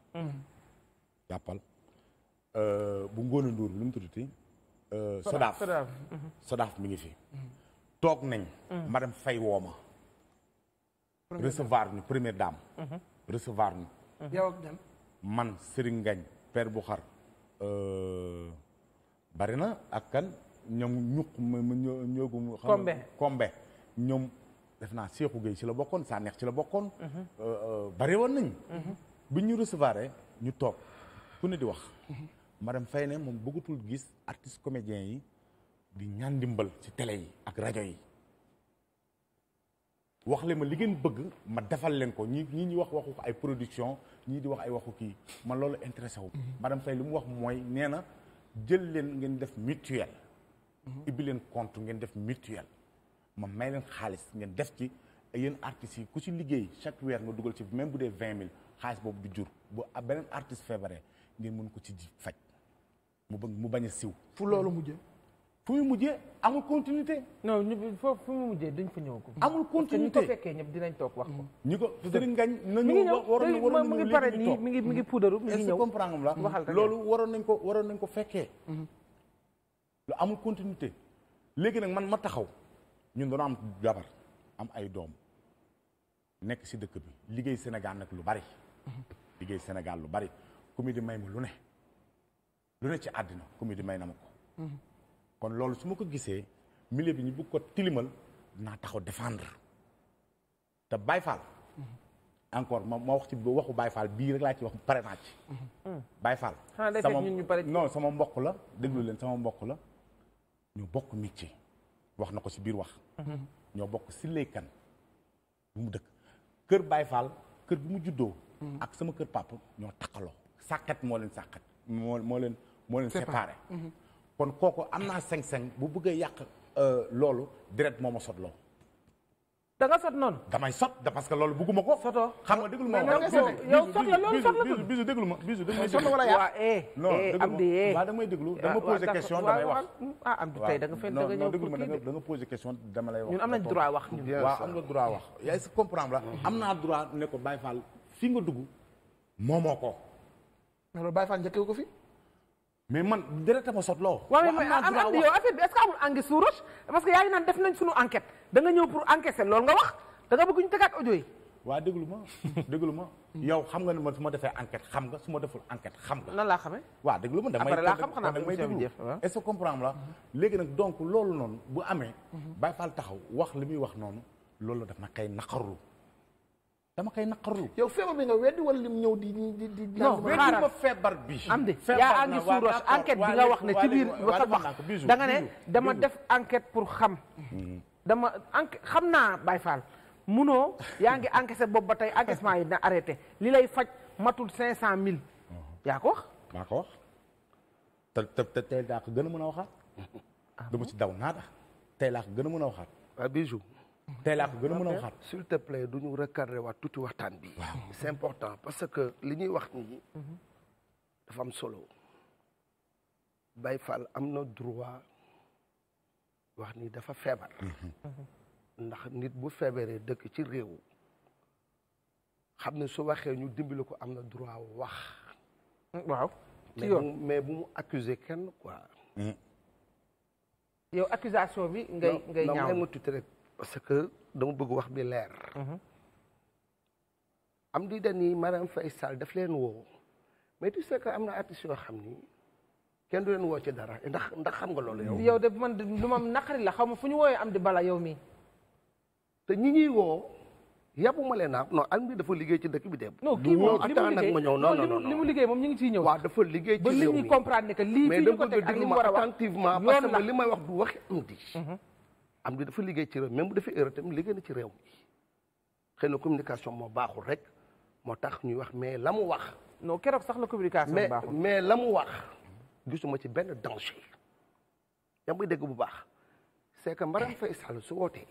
jàppal euh, bu ngóone nduur bi lu mu tuddati. Euh, Sodaaf Sodaaf mi ngi fi. toog nañ. madame Faye woo ma. recevoir ñu première dame. recevoir ñu. yow ak dem. man Serigne Ngagne père bu xar. Euh, bari na ak kan ñoom ñuq ma ma ñoo ñoogu. Kombe xam Kombe ñoom. def naa Cheikhou Gueye ci la bokkoon Sanex ci la bokkoon. Mhm. Euh, euh, bari woon nañ mhm. buñ ñu recevoir ñu toog ku ne di wax. Mhm. madame Faye ne moom bëggatul gis artiste comédien yi di ñaan dimbal ci tele yi ak rajo yi. wax leen ma li ngeen bëgg ma defal leen ko ñi ñii ñuy wax waxu ay production ñii di wax ay waxu kii ma loolu intéressé wu. madame Faye li mu wax mooy nee na jël leen ngeen def mutuel. ibbi leen compte ngeen def mutuel. ma may leen xaalis ngeen def ci yéen artistes yi ku ci liggéey chaque weer nga dugal ci même bu dee vingt mille xaalis boobu du jur bu beneen artiste feebaree ngeen mën ko ci ji faj mu bëgg mu bañ a siw. fu loolu mujjee. fu mu mujjee amul continuité. non ñu foofu fu mu mujjee duñ fa ñëw ko. amul continuité parce que dinañ toog wax ko. Mm. ñi ko Serigne Ngagne. nañu waroon waroon nañu léegi ñu toog mi ngi mi ngi puudaru mi ngi ñëw comprendre la loolu waroon nañ ko waroon nañ ko fekkee. Mm-hmm. amul continuité léegi nag man ma taxaw ñun dañoo am jabar am ay doom nekk ci dëkk bi liggéey Sénégal nag lu bari. liggéey Sénégal lu bari ku di may ma lu ne lu ne ci àddina ku mi di may na ma ko. kon loolu su ma ko gisee milieu bi ñu bëgg ko tilimal dinaa taxaw défendre te Baye Fall. encore ma ma wax ci waxu Baye Fall bii rek laa ci wax pare naa ci. Baye Fall. sama non sama mbokk la déglu leen sama mbokk la ñu bokk métier. wax na ko ci biir wax. Mhm. ñoo bokk si laykan bu mu dëkk kër Baye kër bu mu juddoo. Mhm. ak sama kër papa ñoo takkaloo. sàkkat moo leen sàkkat moo moo leen moo mhm. kon kooku am naa seng-seng bu bëggee yàq euh, loolu deret moo ma sotloo da sot noonu. damay sot da parce loolu bëgguma ko. sotoo xam nga déglu ma yow sot la loolu sot la tudd bisu eh, eh, déglu ma bisu eh. déglu da may déglu da nga posé question damay wax ah am di tey da nga fay da nga ñëw da nga posé question dama lay wax ñun am nañ droit wax ñun waaw am nga droit wax yaa ngi comprendre la am naa droit ne ko Baye Fall fi loolu Baye Fall njëkkee ko fi mais man directement sot loo waaw mais am yow affaire bi est-ce que amul angi sous roche parce que yaa naan def nañ suñu enquête da nga ñëw pour encaisser loolu nga wax da nga bëgg ñu tegaat audio yi. waa déglu ma déglu ma yow xam nga ne man su ma defee enquête xam nga su ma deful enquête xam nga. nan laa xamee. waa déglu ma damay après laa xam xanaa damay déglu est-ce que comprendre la mhm. léegi nag donc loolu noonu bu amee. Mhm. Baye taxaw wax li muy wax noonu loolu daf ma kay naqarlu dama kay naqarlu. yow feebar bi nga weddi wala ñëw di di di. di feebar bi. am de yaa angi suur enquête nga wax ne ci biir wax da nga ne dama def enquête pour xam. Mhm. dama enc xam naa Baye Fall munoo yaa ngi encaissé boobu ba tey encaissement yi dina arrêté li lay faj matul cinq cent mille yaa ko wax maa ko wax te te tey daa ko gën a mën a waxaat dama ci daw naata tey laa ko gën a mën a waxaat waaw ah ah, bijou tey laa ko gën a mën a waxaat s'il te plaît du ñu recadré waat tuuti waxtaan bi c'est important parce que li ñuy wax nii mhm. dafa am solo Baye Fall am na droit wax ni dafa feebar ndax nit bu feebaree dëkk ci réew xam ne su waxee ñu dimbali ko am na droit wax waaw yoon mais bu mu accuser kenn quoi mm-hmm. yow accusation bi ngay ngay ñaaw non ma rek parce que dama bëgg wax bi leer mm-hmm. am di dañi Marième Faye Sall daf leen woo mais tu sais que am na artistes yoo xam ni kenn du leen woo ci dara ndax ndax xam nga loolu yow. yow de man lu ma naqari la xaw ma fu ñu woowee am di bala yow mii. te ñi woo. yàppu ma leen ah non am bi dafa liggéey ci dëkk bi de. non kii moom li mu liggéey ma ñëw non non non moom ñu ngi ciy ñëw. waaw dafa liggéey ci ba nit ñi comprendre ne li may wax du waxi am di. Mhm. am di dafa liggéey ci réew même bu defee tam itam liggéey ci réew mi xëy na communication moo baaxul rek moo tax ñuy wax mais lamu mu wax. non keroog sax la communication baaxul mais mais la mu wax. gisuma ci benn danger yaa ngi dégg bu baax c'est que Marème Faye Sall su wootee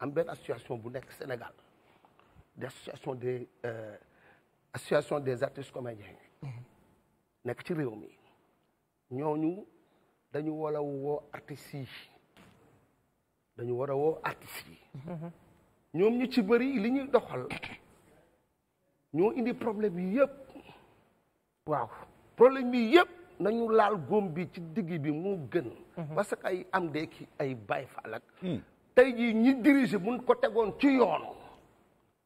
am benn association bu nekk Sénégal des association des euh, association des artistes mm-hmm. nekk ci réew mi ñooñu dañu war a woo artistes dañu war a woo artistes mm-hmm. ñoom ñu ci bëri li ñuy doxal ñoo indi problème yi yëpp waaw problème yi ñu laal góom bi ci digg bi mu gën. Mhm. parce que ay am deeki ay bay Faal ak. Hmm. tey jii ñi diriger buñ ko tegoon ci yoon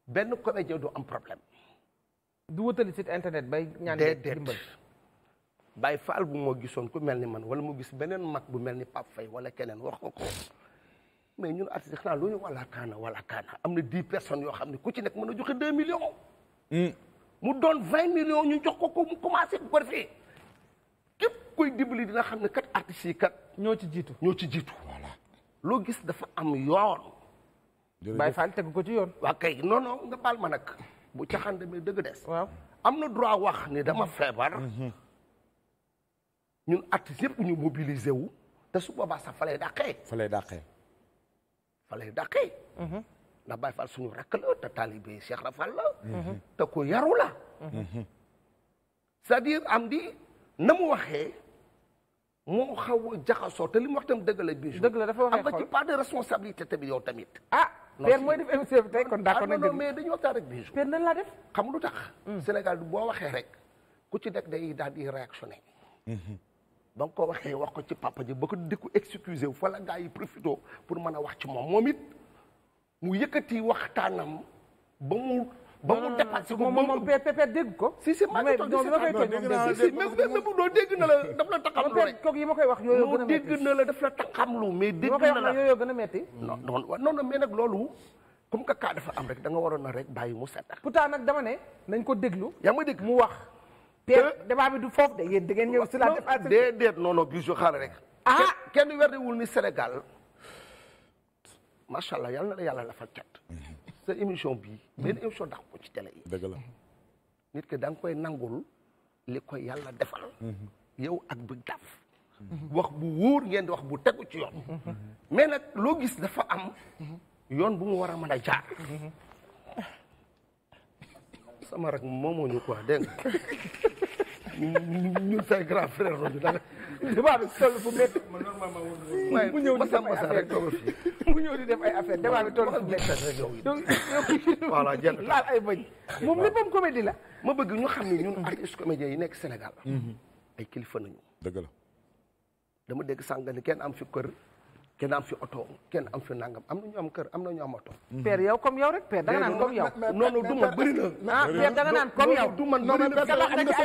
benn comédien du am problème. du wutali site internet bay ñaan dimbal Baay Faal bu moo gisoon ku mel ni man wala mu gis beneen mag bu mel ni Pape fay wala keneen wax ko ko mais ñun artiste xanaa lu ñu wala kaana wala kaana am na dix personnes yoo xam ne ku ci nekk mën a joxe deux millions. Hmm. mu doon vingt millions ñu jox ko ko mu commencé bu képp koy dimbali dina xam ne kat artistes yi kat. ñoo ci jiitu ñoo ci jiitu. voilà loo gis dafa am yoon. jërëjëf Baye Fall tegu ko ci yoon. waa kay non non nga baal ma nag bu caxaan demee dëgg des. waaw am na droit wax ni dama feebar. Mhm. ñun artistes yëpp ñu mobiliser wu te su boobaa sax fa lay dàqee. fa lay dàqee. fa lay dàqee. Mhm. ndax Baye Fall suñu rakk la te taalibe Cheikh Rafal la. Mhm. te ku yaru la. cest am di. na mu waxee moo xaw a jaxasoo te li mu wax tam dëgg la biir. dëgg la dafa waxee am nga ci part de responsabilité tamit yow tamit. ah Père mooy def émission bi tey kon d'accord ah, nañu. non mais dañu waxtaan rek biir. Père nan laa def. xam lu tax. Hmm. Sénégal boo waxee rek ku ci nekk day daal di réactionné. Hmm. ba ko waxee wax ko ci papa ji ba ko di ko excusé wu fa la yi profité pour mën a wax ci moom moom it mu yëkkati waxtaanam ba mu. ba mu dépassé ko moom moom pépé dégg ko. si si maa ngi toog di si dégg na la daf la taxamlu rek. koog yi ma koy wax yooyu gën a metti dégg na la daf la taxamlu mais dégg na la ma koy wax yooyu a metti. non non non mais rek da nga waroon a dama ne nañ ko déglu. yaa ma dégg mu wax. te débat bi du foofu de yéen da ngeen ñëw si la. déedéet non non bisu xaar rek. ah kenn werdiwul ni Sénégal macha allah yàlla na la yàlla la fa cat sa émission bii. benn émission ndax ci télé yi. dëgg la nit ki da koy nangul li koy yàlla defal. yow ak bu daf. wax bu wóor ngeen di wax bu tegu ci yoon. mais nag loo dafa am. yoon bu mu war a mën a jaar. sama rek moomoo ñu quoi dégg nga ñun say grand frère lañu danga débat bi toll fu métti. man normalement woon mu ñëw di def ay affaire mu ñëw di def ay affaire débat bi toll fu métti. donc *laughs* voilà jël laal ay bañ. moom léppam comédie la. ma bëgg ñu xam ne ñun artistes comédiens yi nekk Sénégal. Mm-hmm. ay kilifa nañu. dëgg la. dama dégg sànq ni kenn am fi kër. kenn am fi oto kenn am fi nangam am na ñu am kër am na ñu am oto. Mhm. père comme yow rek père danga naan comme yow. non non du man bëri na. ah père naan comme yow. du man bëri nga ay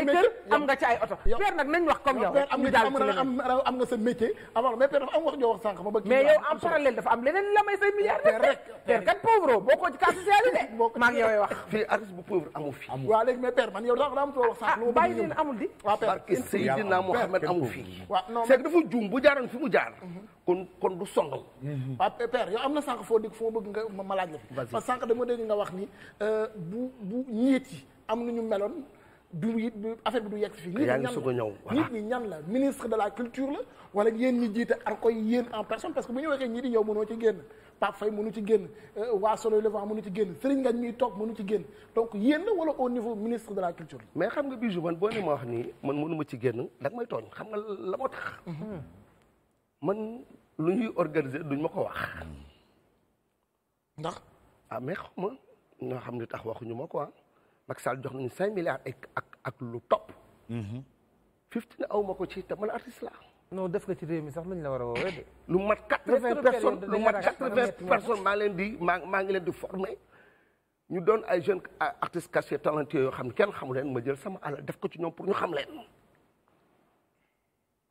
kër am nga ci ay oto. père nag wax comme yow. ñu daal am nga sa métier. alors mais père dafa am wax joo wax sànq ma bëgg. mais yow en parallèle dafa la may say milliards rek. père kat pauvre boo ko ci cas de. boo ko maa ngi yow wax. fii artiste bu pauvre amu fi. amul waaw léegi mais père man yow daa am soo wax sànq. ah bàyyi fi. waaw non c'est bu jaaroon fi mu jaar mhm. kon kon du sonal. waa mhm. père yow am na sànq foo dégg foo bëgg nga ma ma laaj la fi. parce que sànq dama dégg nga wax ni euh, bu bu ñeet yi am na ñu meloon du bu affaire bi du yegg fii. yaa ngi soog a ñëw nit ñi ñan la ministre de la culture la. wala yéen ñi jiite ar koy yéen en personne parce que bu ñu waxee ñii di yow mënoo ci génn Pape Faye mënu ci génn euh, waa Soleil Levant mënu ci génn ñuy toog mënu ci génn donc yéen la wala au niveau ministre de la culture la. mais xam nga Bijou man boo ne ma wax nii ma ci génn da nga may xam nga la moo tax. Mhm. man lu ñuy organiser duñ ma ko wax. ndax. ah mais xaw ma ñoo xam ne tax waxuñu ma quoi ah. mak Sall jox nañu cinq milliards ak ak ak lu topp. Mm-hmm. fifty na aw ma ko ci te man artiste laa. def ko ci réew mi sax lañ la war a woowee lu mat quatre-vingts personnes lu mat maa leen di maa maa ngi leen di former ñu doon ay jeunes artistes cachés talentueux yoo xam ne kenn xamu leen ma jël sama alal def ko ci ñoom pour ñu xam leen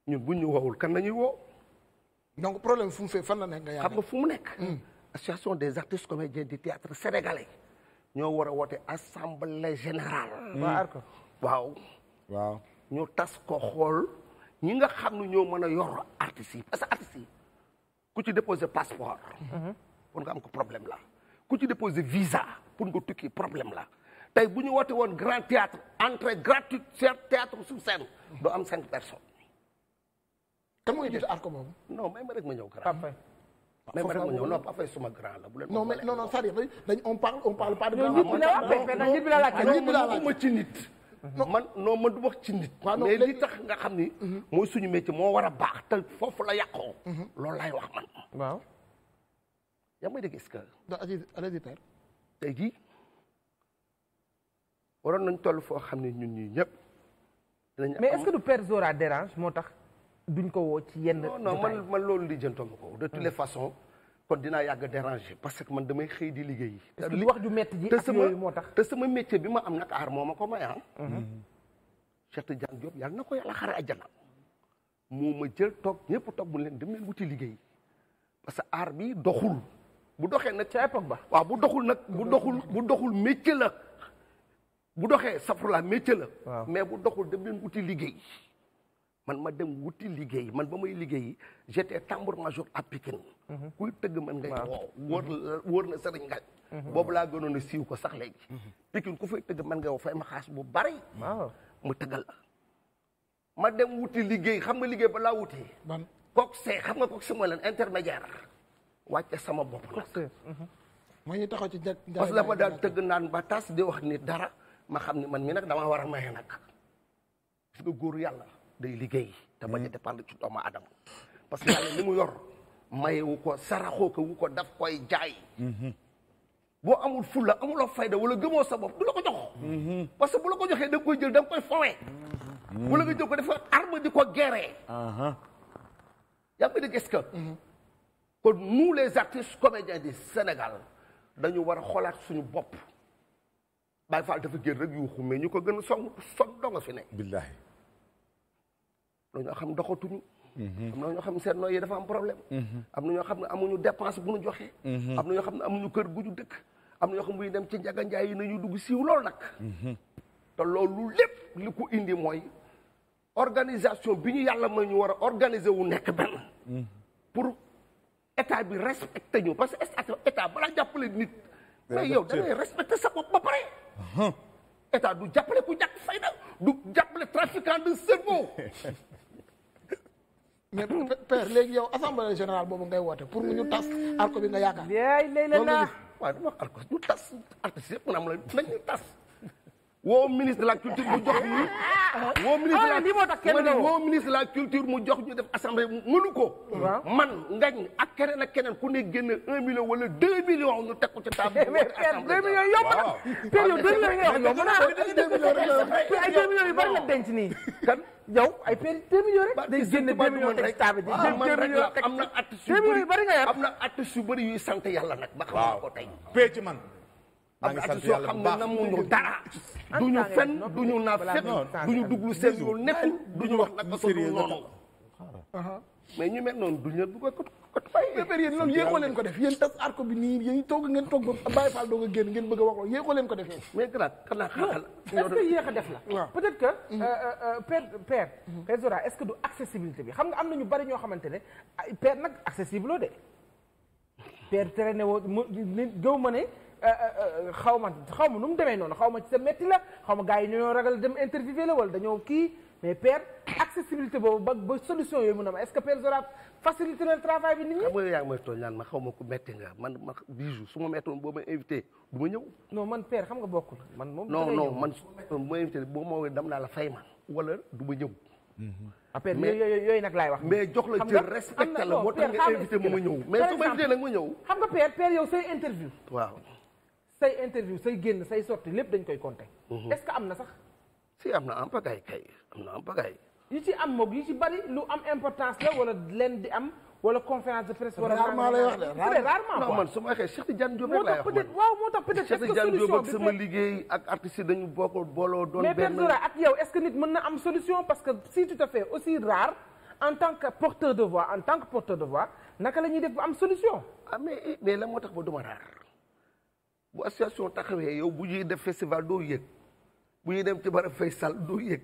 ñun bu ñu kan nañuy woo. donc problème fu fan la nekk nga yaakaar xam nga fu mu nekk. Hmm. association des artistes comédiens du théâtre sénégalais ñoo war a woote assemblée générale. Hmm. waaw. waaw ñu tas ko xool ñi nga xam ne ñoo mën a yor artistes parce que artistes ku ci déposer passeport. Hmm. pour nga am ko problème la ku ci déposer visa pour nga tukki problème la tey bu ñu woote woon grand théâtre entrée gratuite théâtre su scène doo am cinq personnes. kan moo ñu jiite arko boobu. non may rek ma ñëw grand. mais ma ñëw non Pape Faye suma grand la bu leen. non mais non non c'est-à-dire dañ on parle on parle pas de. non nit la wax Pape Faye nag ma du wax ci tax nga xam ni. mooy suñu moo war a baax foofu la yàqoo. loolu laay wax man. waaw. nañ toll foo xam ne ñun ñii moo tax. duñ ko woo ci yenn. non non man man loolu li jëntoon ko de kon dinaa yàgg déranger parce que man damay xëy di liggéey. li wax ju métti ji ak yooyu moo tax te sama métier bi ma am nag aar moo ma ko may ah. Mhm. Cheikh Tidiane Diop yàlla na ko yàlla xare àjjana moo ma jël toog ñëpp toog mu leen dem leen wuti liggéey parce que aar bi doxul. bu doxee nag ca époque ba. waaw bu doxul nag bu doxul bu doxul métier la bu doxee safrula métier mais bu doxul dem leen wuti liggéey. ma dem wuti liggéey man ba may liggéey j'étais tambour major à Pikine mhm. kuy tëgg man ngay woo wóor na sëriñ ngañ mhm. boobu laa gënoon a siiw ko sax léegi mhm. Pikine ku fay tëgg man ngay wo fay ma xaas bu bari mu tëggal la ma dem wuti liggéey xam nga liggéey ba laa wuti ban kook see xam nga kook see mooy leen sama bopp nag moo ñu taxaw tëgg naan ba tas di wax ni dara ma xam ni man mi nag damaa war a maye nag gis nga day liggéey te bañ a hmm. dépendre ci doomu aadama parce que yàlla li mu yor may ko saraxoo ko wu ko daf koy jaay hmm. boo amul fulla amuloo fayda wala gëmoo sa bopp du la ko hmm. parce que bu la ko joxee da koy jël da koy fowee wala nga jël ko dafa arme di ko guéré yaa ngi dégg est-ce que kon nous les artistes dañu war a xoolaat suñu bopp Baye Fall dafa génn rek yuuxu ñu ko gën a song song fi ne na ñoo xam ne doxatuñu. am na ñoo xam ne seen noyyi dafa am problème. Mhm. am na ñoo xam ne amuñu dépense bu ñu joxe. Mhm. am na ñoo xam ne amuñu kër gu ñu dëkk. am na ñoo xam ne bu ñu dem ci njaganjaay yi ñu dugg siiw loolu nag. Mhm. te loolu lépp li ko indi mooy organisation bi ñu yàlla ma ñu war a organiser wu nekk benn. pour état bi respecté ñu parce que état balaa jàppale nit. mais yow da ngay respecté sa bopp ba pare. Uh-huh. état du jàppale ku ñàkk fayda du jàppale trafiquant de cerveau. *laughs* mais père léegi yow a générale boobu ngay woote pour ñu tas arko bi nga yaakaar. léegi léegi la naa waaw ñu tas artiste yëpp mën am la nañ ñu tas. woo ministre de la culture mu jox ñu. Ah. woo ministre la ah, ma ne woo ministre de la culture mu jox ñu def assemblée mënu ko. man ngañ ak keneen ak keneen ku ne génne un million wala deux millions ñu teg ko ci table. mais deux millions yomb na. période deux millions nga yomb na ay deux millions yu bari la denc nii. kan yow ay période deux millions rek. day génne deux millions teg table bi deux millions teg deux millions yu bari nga yem. am na at su bëri yuy sant yàlla nag. ba xam ko tey. pecc man. maa ngi sant yàlla bu baax xam ne namuñu dara. du ñu ñu wax nag sérieux noonu. mais ñu mel noonu du ñu bu ko bàyyi père yéen loolu yéexoo ko def yéen tas aar ko bi ngeen toog ba bàyyi faal bëgg a wax loolu leen ko def yéen mais grat xanaa xaaral est que yéex a def la peut-être que mm-hmm. euh, euh, euh, père bi xam nga am na ñu bari ñoo xamante ne père nag accessible oo de père traîné woo gëw ma ne Eh, eh, eh, xaw ma xaw ma nu mu demee noonu xaw ma ci sa métti la xaw ma gars yi ñoo ragal dem interviewé la wala dañoo kii mais père accessibilité boobu ba ba solution yooyu mun a ma est-ce que père Zora facilité na travail bi nit ñi. xam nga yaa ngi may tooñ naan ma man invité du ñëw. non man père xam nga bokkul man moom. non non man bu ma invité boo ma naa la fay ma wala du ma ñëw. Ah, yooyu yooyu nag laay wax. mais jox la moo tax invité ma ma ñëw. mais su invité nag ma ñëw. xam nga père père yow say interview. waaw. say interview say génn say sorti lépp dañ koy compter. Mhm. est-ce que am na sax. si am na am pagaille kay am na am pagaille. yi ci am moog yi ci bari lu am importance la wala leen di am wala conférence de presse. man su ma waxee Cheikh Tidiane laay wax man moo tax peut waaw moo tax peut-être. Cheikh Tidiane Diop ak sama liggéey ak artistes dañu bokk booloo doon benn mais ak yow est-ce que nit mën na am solution parce que si tu te fais aussi rare en tant que porteur de voix en tant que porteur de voix naka la ñuy def am solution. ah mais la moo tax ba duma bu association taxawee yow bu ñuy def festival doo yëg bu ñuy dem ci bara fay sal doo yëg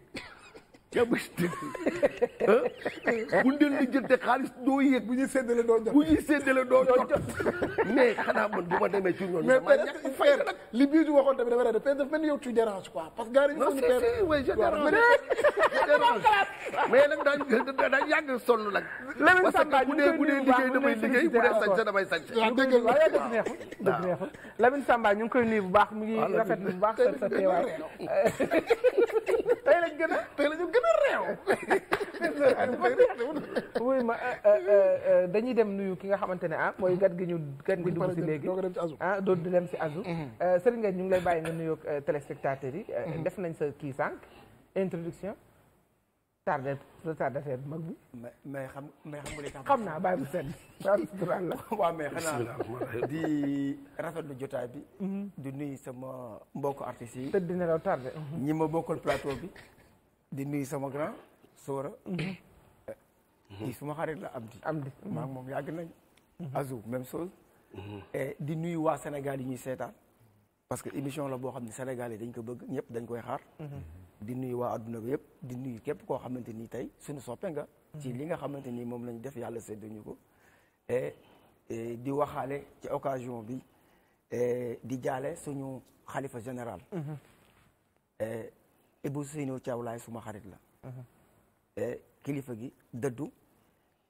yaa ngi si dégg bu ñu leen di jëndee xaalis bu ñuy séddale doo jot bu ñuy séddale doo jot mais xanaa man bu ma demee ci ñoom. mais peut li bii di waxoon tamit a rëdd de être mel ni yow tu déranges quoi parce que gars yi. non si si oui je dérange je dérange mais *laughs* *laughs* nag bu baax parce que bu dee bu dee liggéey damay liggéey bu dee sañse ah. ah. Samba ñu ngi koy nuyu bu baax mu ngi ah, rafetlu bu baax sa teewaay tey lañ gën a tey lañu gën ma eh, eh, eh, dañuy dem nuyu ki nga xamante ne ah mooy gat gi ñu gat gi dugg si léegi ah doo di dem si azu sëriñ nga ñu ngi lay bàyyi nga nuyoog téléspectateurs yi mm-hmm. def nañ sa kii sànq introduction tardé retardataire mag bi. mais mais xam mais xam nga li tax. xam naa bàyyi bu sedd. waaw la. *laughs* waaw mais di rafetlu jotaay bi. Mm-hmm. di nuyu sama mbokk artistes yi. tëdd nelaw tardé. Mm-hmm. ma bokkal plateau bi. di nuyu sama grand Sora. di mm-hmm. eh, suma xarit la Amdi. Amdi maa ngi moom yàgg nañ. Azou même chose. Eh, di nuyu waa Sénégal yi ñuy seetaan. parce que émission la boo xam ne Sénégal dañ ko bëgg ñëpp dañ koy xaar. di nuyu waa adduna bi yëpp di nuyu képp koo xamante ni tey suñu soppee nga ci mhm. li nga xamante ni moom lañu def yàlla sedduñu ko et di waxaale ci occasion bi di jaale suñu xalifa général mhm. Ibou Seynou Thiaw Laye suma xarit la mhm. kilifa gi dëddu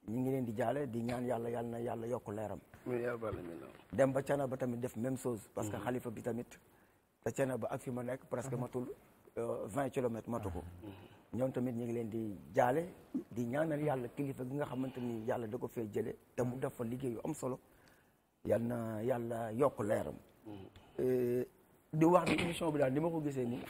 ñu ngi leen di jaale di ñaan yàlla yàlla na yàlla yokk leeram dem ba cana ba tamit def même chose parce que xalifa bi tamit te cana ba ak fi ma nekk presque matul Euh, vingt kilomètres matu ko ñoom tamit ñu ngi leen di jaale di ñaanal yàlla kilifa gi nga xamante ni yàlla da ko fee jële te mu def fa am solo yal na yàlla yokk leeram mm. euh, di wax ni émission bi daal ni ma ko gisee nii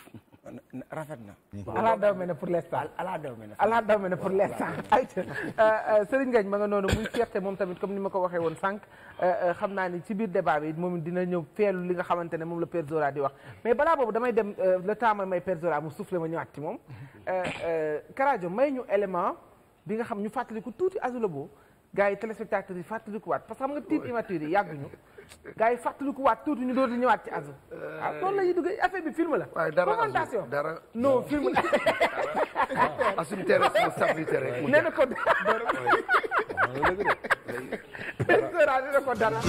rafet na. Mhm. ala daw mel ne pour l'instant ala daw mel ne. ala daw mel ne pour l'instant. *laughs* Euh, euh, Serigne Ngagne ma nga noonu muy fierté moom tamit comme ni ma ko waxee woon sànq euh, xam naa ni ci biir débat yi moom dina ñëw feelu li nga xamante ne moom la Père Zora di wax mais balaa boobu damay dem le temps ma may Père Zora mu soufflé ma ñëwaat ci moom. Karajo may ñu élément bi nga xam ñu fàttaliku tuuti Azou Lebo. gars yi téléspectateurs yi fàttalikuwaat parce que xam nga titre immature yi yàgguñu gars yi fàttalikuwaat tuuti ñu doon di ñëwaat ci Azou. Euh, ah loolu la ñuy dugg affaire bi film la. waaye dara Azou dara non film la. *laughs* assume tes responsabilités rek. *laughs* nee na ko dara. *laughs* nee na ko dara.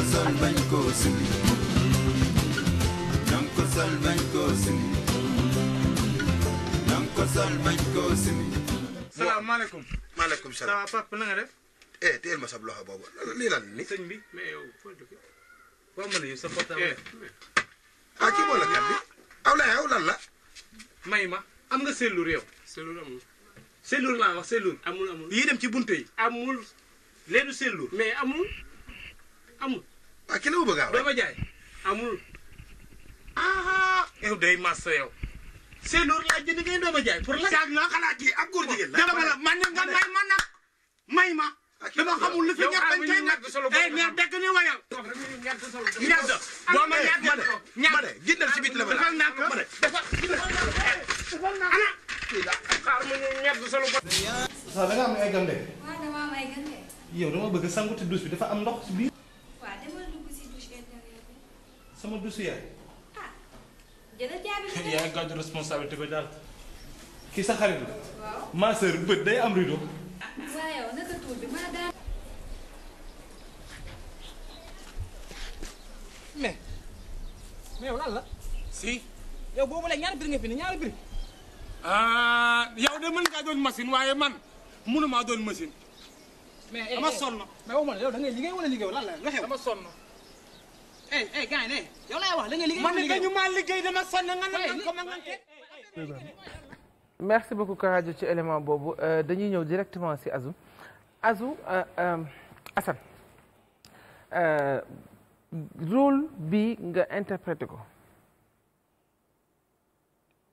salaamaaleykum. maaleykum salaam. ça va papa na nga def. eh téyel ma sa loxo boobu lii lan ni sëñ bi mais yow foo jógee waaw ma ne yow sa portable ah kii la kat bi aw la yow lan may ma am nga cellule yow cellule amul cellule laa dem ci bunte yi amul leenu cellule mais amul amul waa ki la a dama jaay amul ah yow day massa yow cellule laa jënd ngeen dooma jaay pour la caag na xalaat yi ak góor jigéen la dama la nga may ma nag may ma dama xamul lu fi ñàkk tey nag mais eh, dëkk ni wayal. ñàkk doo ma ñàkk ma de ma de gindal ci biir la ma de ma de ana. xaar mu ñu ñàkk ba. sa da nga am ay gande. yow dama bëgg sangu te bi dafa am ndox ci biir. waaw dama dugg ci douche intérieur bi. sama douche yaay. ah jaabi. yaa ngi gàddu responsabilité ba daal. kii sa xarit la. bët day am rido. waaye yow naka tuur bi maa daan. mais mais yow lan la. si. yow boobu léegi ñaari bir nga fi ne ñaari bir. yow de mën ngaa doon machine waaye man mënumaa doon machine. mais dama sonn. mais waxuma la yow da ngay liggéey wala liggéey lan la lu xew dama sonn. eh eh gars yi ne yow laay wax da ngay liggéey. man de ñu maa liggéey dama sonn nga ne man ko ma nga merci beaucoup Karajo ci élément boobu euh, dañuy ñëw directement si Azou Azou euh, euh, Assane rôle bi nga interprété ko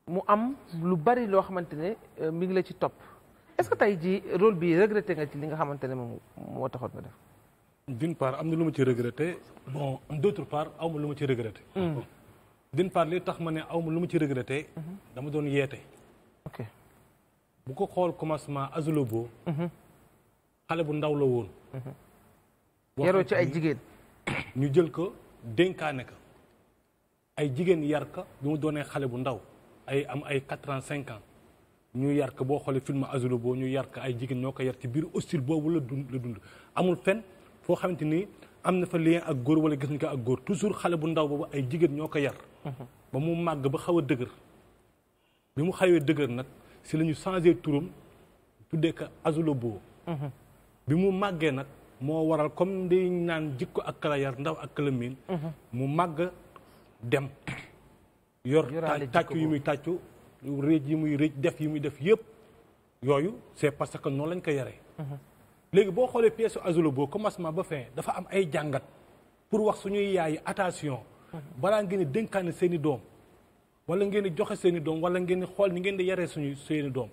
mu am lu bari loo xamante ne mi ngi la ci topp est-ce que tey jii rôle bi regretté nga ci li nga xamante ne moom moo taxoon nga def. d'une part am na lu ma ci regretté bon d'autre part aw ma lu ma ci regretté. Hmm. d'une part li tax ma ne aw ma lu ma ci regretté. Hmm. dama doon yeete. bu ko xool commencement azulobo. Mhm. xale bu ndaw la woon. Mhm. yaroo ci ay jigéen. *clears throat* ñu jël ko dénkaane ka ay jigéen yar ka bi mu doonee xale bu ndaw ay am ay quatre ans cinq ans ñu yar ka boo xoolee film azulobo ñu yar ka ay jigéen ñoo ko yar ci biir hostile boobu la dund la dund amul fen foo xamante ni am na fa lien ak góor wala gis ñu ko ak góor toujours xale bu ndaw boobu ay jigéen ñoo ko yar. Mhm. ba mu màgg ba xaw dëgër. bi mu xawee dëgër nag si lañu ñu changé turam tuddee ko Azulobo mhm. bi mu màggee nag moo waral comme day naan jikko ak kala yar ndaw ak kala miin mhm. mu màgg dem yor tàccu yi muy tàccu réej yi muy réej def yi muy def yëpp yooyu c'est parce que noonu lañ ko yaree mhm. léegi boo xoolee pièce boo commencement ba fin dafa am ay jàngat pour wax suñuy yaay attention balaa ngi di dénkaane seeni doom wala ngeen di joxe seeni doom wala ngeen di xool ni ngeen di yaree suñu seen i doom